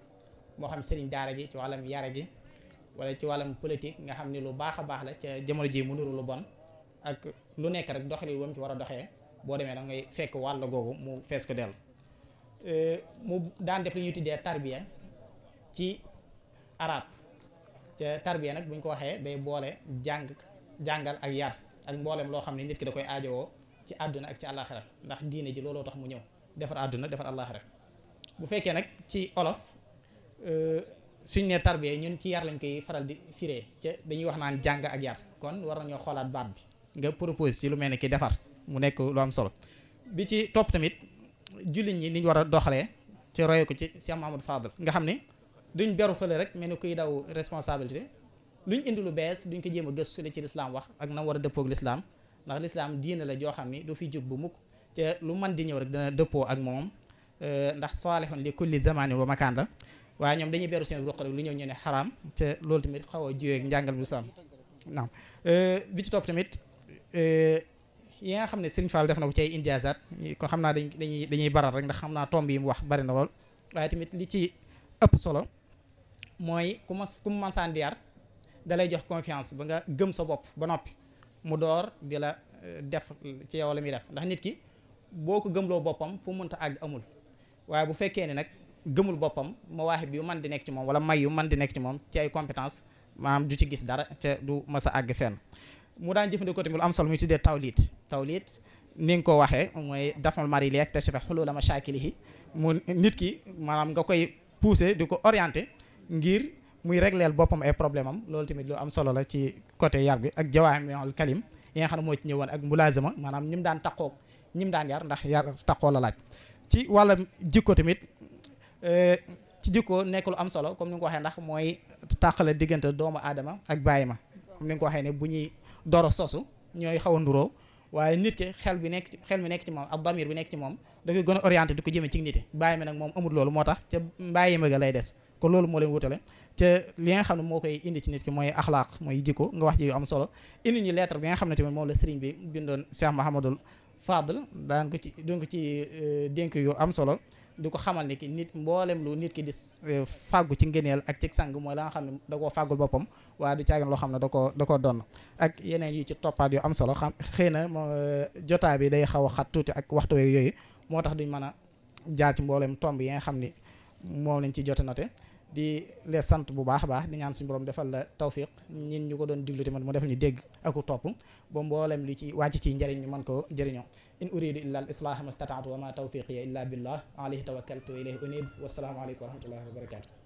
moo xam sëriñ daara gi ci wàllam wala ci wàllum politique nga xam ni lu baax a baax la ca jamono ji mu nuru lu bon ak lu nekk rek doxali wam ci war a doxee boo demee da ngay fekk wàll googu mu fees ko dell euh, mu daan def li ñuy tuddee tarbiya ci arab ca tarbiya nag buñ ko waxee day boole jàng jàngal ak yar ak mboolem loo xam ne nit ki da koy aajowoo ci àdduna ak ci àllaaxira ndax diine ji looloo tax mu ñëw defar àdduna defar àllaaxira bu fekkee nag ci olof euh, suñ ne tarbiyee ñun ci yar lañ koy faral di fiire ca dañuy wax naan jàng ak yar kon war nañoo xoolaat baat bi nga propose ci lu mel ne ki defar mu nekk lu am solo bi ci topp tamit jullit ñi niñ war a doxalee ci roye ko ci Cheikh Mahamadou Fadal nga xam ne duñ beru fële rek mel ni kuy daw responsabilité luñ indi lu bees duñ ko jéem a gëstu li ci lislaam wax ak na war a dëppoog lislaam ndax lislaam diina la joo xam ni du fi jóg bu mukk te lu man di ñëw rek dana dëppoo ak moom ndax saalihun li kulli zamani wa makaan waaye ñoom dañuy beru seen ruq rek lu ñëw ñu ne xaraam te loolu tamit xaw a jiweeg njàngal bi lislaam naam euh, bi ci topp tamit euh, yi nga xam ne Serigne Fall def na ko ci ay indiasat kon xam naa dañ dañuy dañuy baral rek ndax xam naa tomb yi mu wax bari na lool waaye tamit li ci ëpp solo mooy ku mas ku dalay jox confiance ba nga gëm sa bopp ba noppi mu door di la euh, def ci yow la muy def ndax nit ki boo ko gëm gëmloo boppam fu mënta àgg amul waaye bu fekkee ne nag gëmul boppam mawaaxib yu man di nekk ci moom wala may yu man di nekk ci moom ci ay compétence maanaam du ci gis dara te du mës a àgg fenn mu daan jëfandikoo tamit lu am solo muy tuddee tawliit tawliit ni nga ko waxee mooy dafal mari li ak tasifa xulula mashakilihi mu nit ki maanaam nga koy pousser di ko orienter ngir muy régleel boppam ay problème am loolu tamit lu am solo la ci côté yar bi ak jawaamiul kalim yi nga xam ne moo ci ñëwoon ak ma maanaam ñi mu daan taqoog ñi mu daan yar ndax yar taqoo la laaj ci wàllam jikko tamit Euh, ci jikko nekk lu am solo comme ni nga ko waxee ndax mooy tàqale diggante doomu aadama ak bàyyi ma comme ni ko waxee ne bu ñuy doro sosu ñooy xaw a nduroo waaye nit ki xel bi nekk ci xel bi nekk ci moom ak damir bi nekk ci moom da koy gën a orienté di ko jëmee ci nit bàyyi ma nag moom amul loolu moo tax ca mbàyyi ma lay des kon moo leen wutale te li xam ne moo koy indi ci nit ki mooy axlaaq mooy jikko nga wax ji am solo indi ñu lettre bi nga xam ne tamit moom la sëriñ bi bindoon Cheikh Mahamadul Fadl daan ci doon ci euh, dénk yu am solo di ko xamal ni ki nit mboolem lu nit ki di eh, fàggu ci ngëneel ak ci sang mooy la nga xam ne da koo fàggul boppam waaye du caagin loo xam ne da koo da koo donn ak yeneen yi ci toppaat yu am solo xam xëy na eh, jotaa bi day xaw a xat tuuti ak waxtu yooyu moo tax duñ mën a jaar ci mboolem tomb yi nga xam ni moom lañ ci jot note di leen sant bu baax a baax di ñaan suñu borom defal la tawfiq ñin ñu ko doon diglu tamit mu defal ñu dégg aku topp ba mboolem li ci wàcc ci njëriñ ñu mën ko jëriñoo in uridu illa al islaha ma stataatu wa ma tawfiqiya illa billah alayhi tawakkaltu wa ilayhi unib wassalaamu aleykum wa rahmatullahi wa barakatuh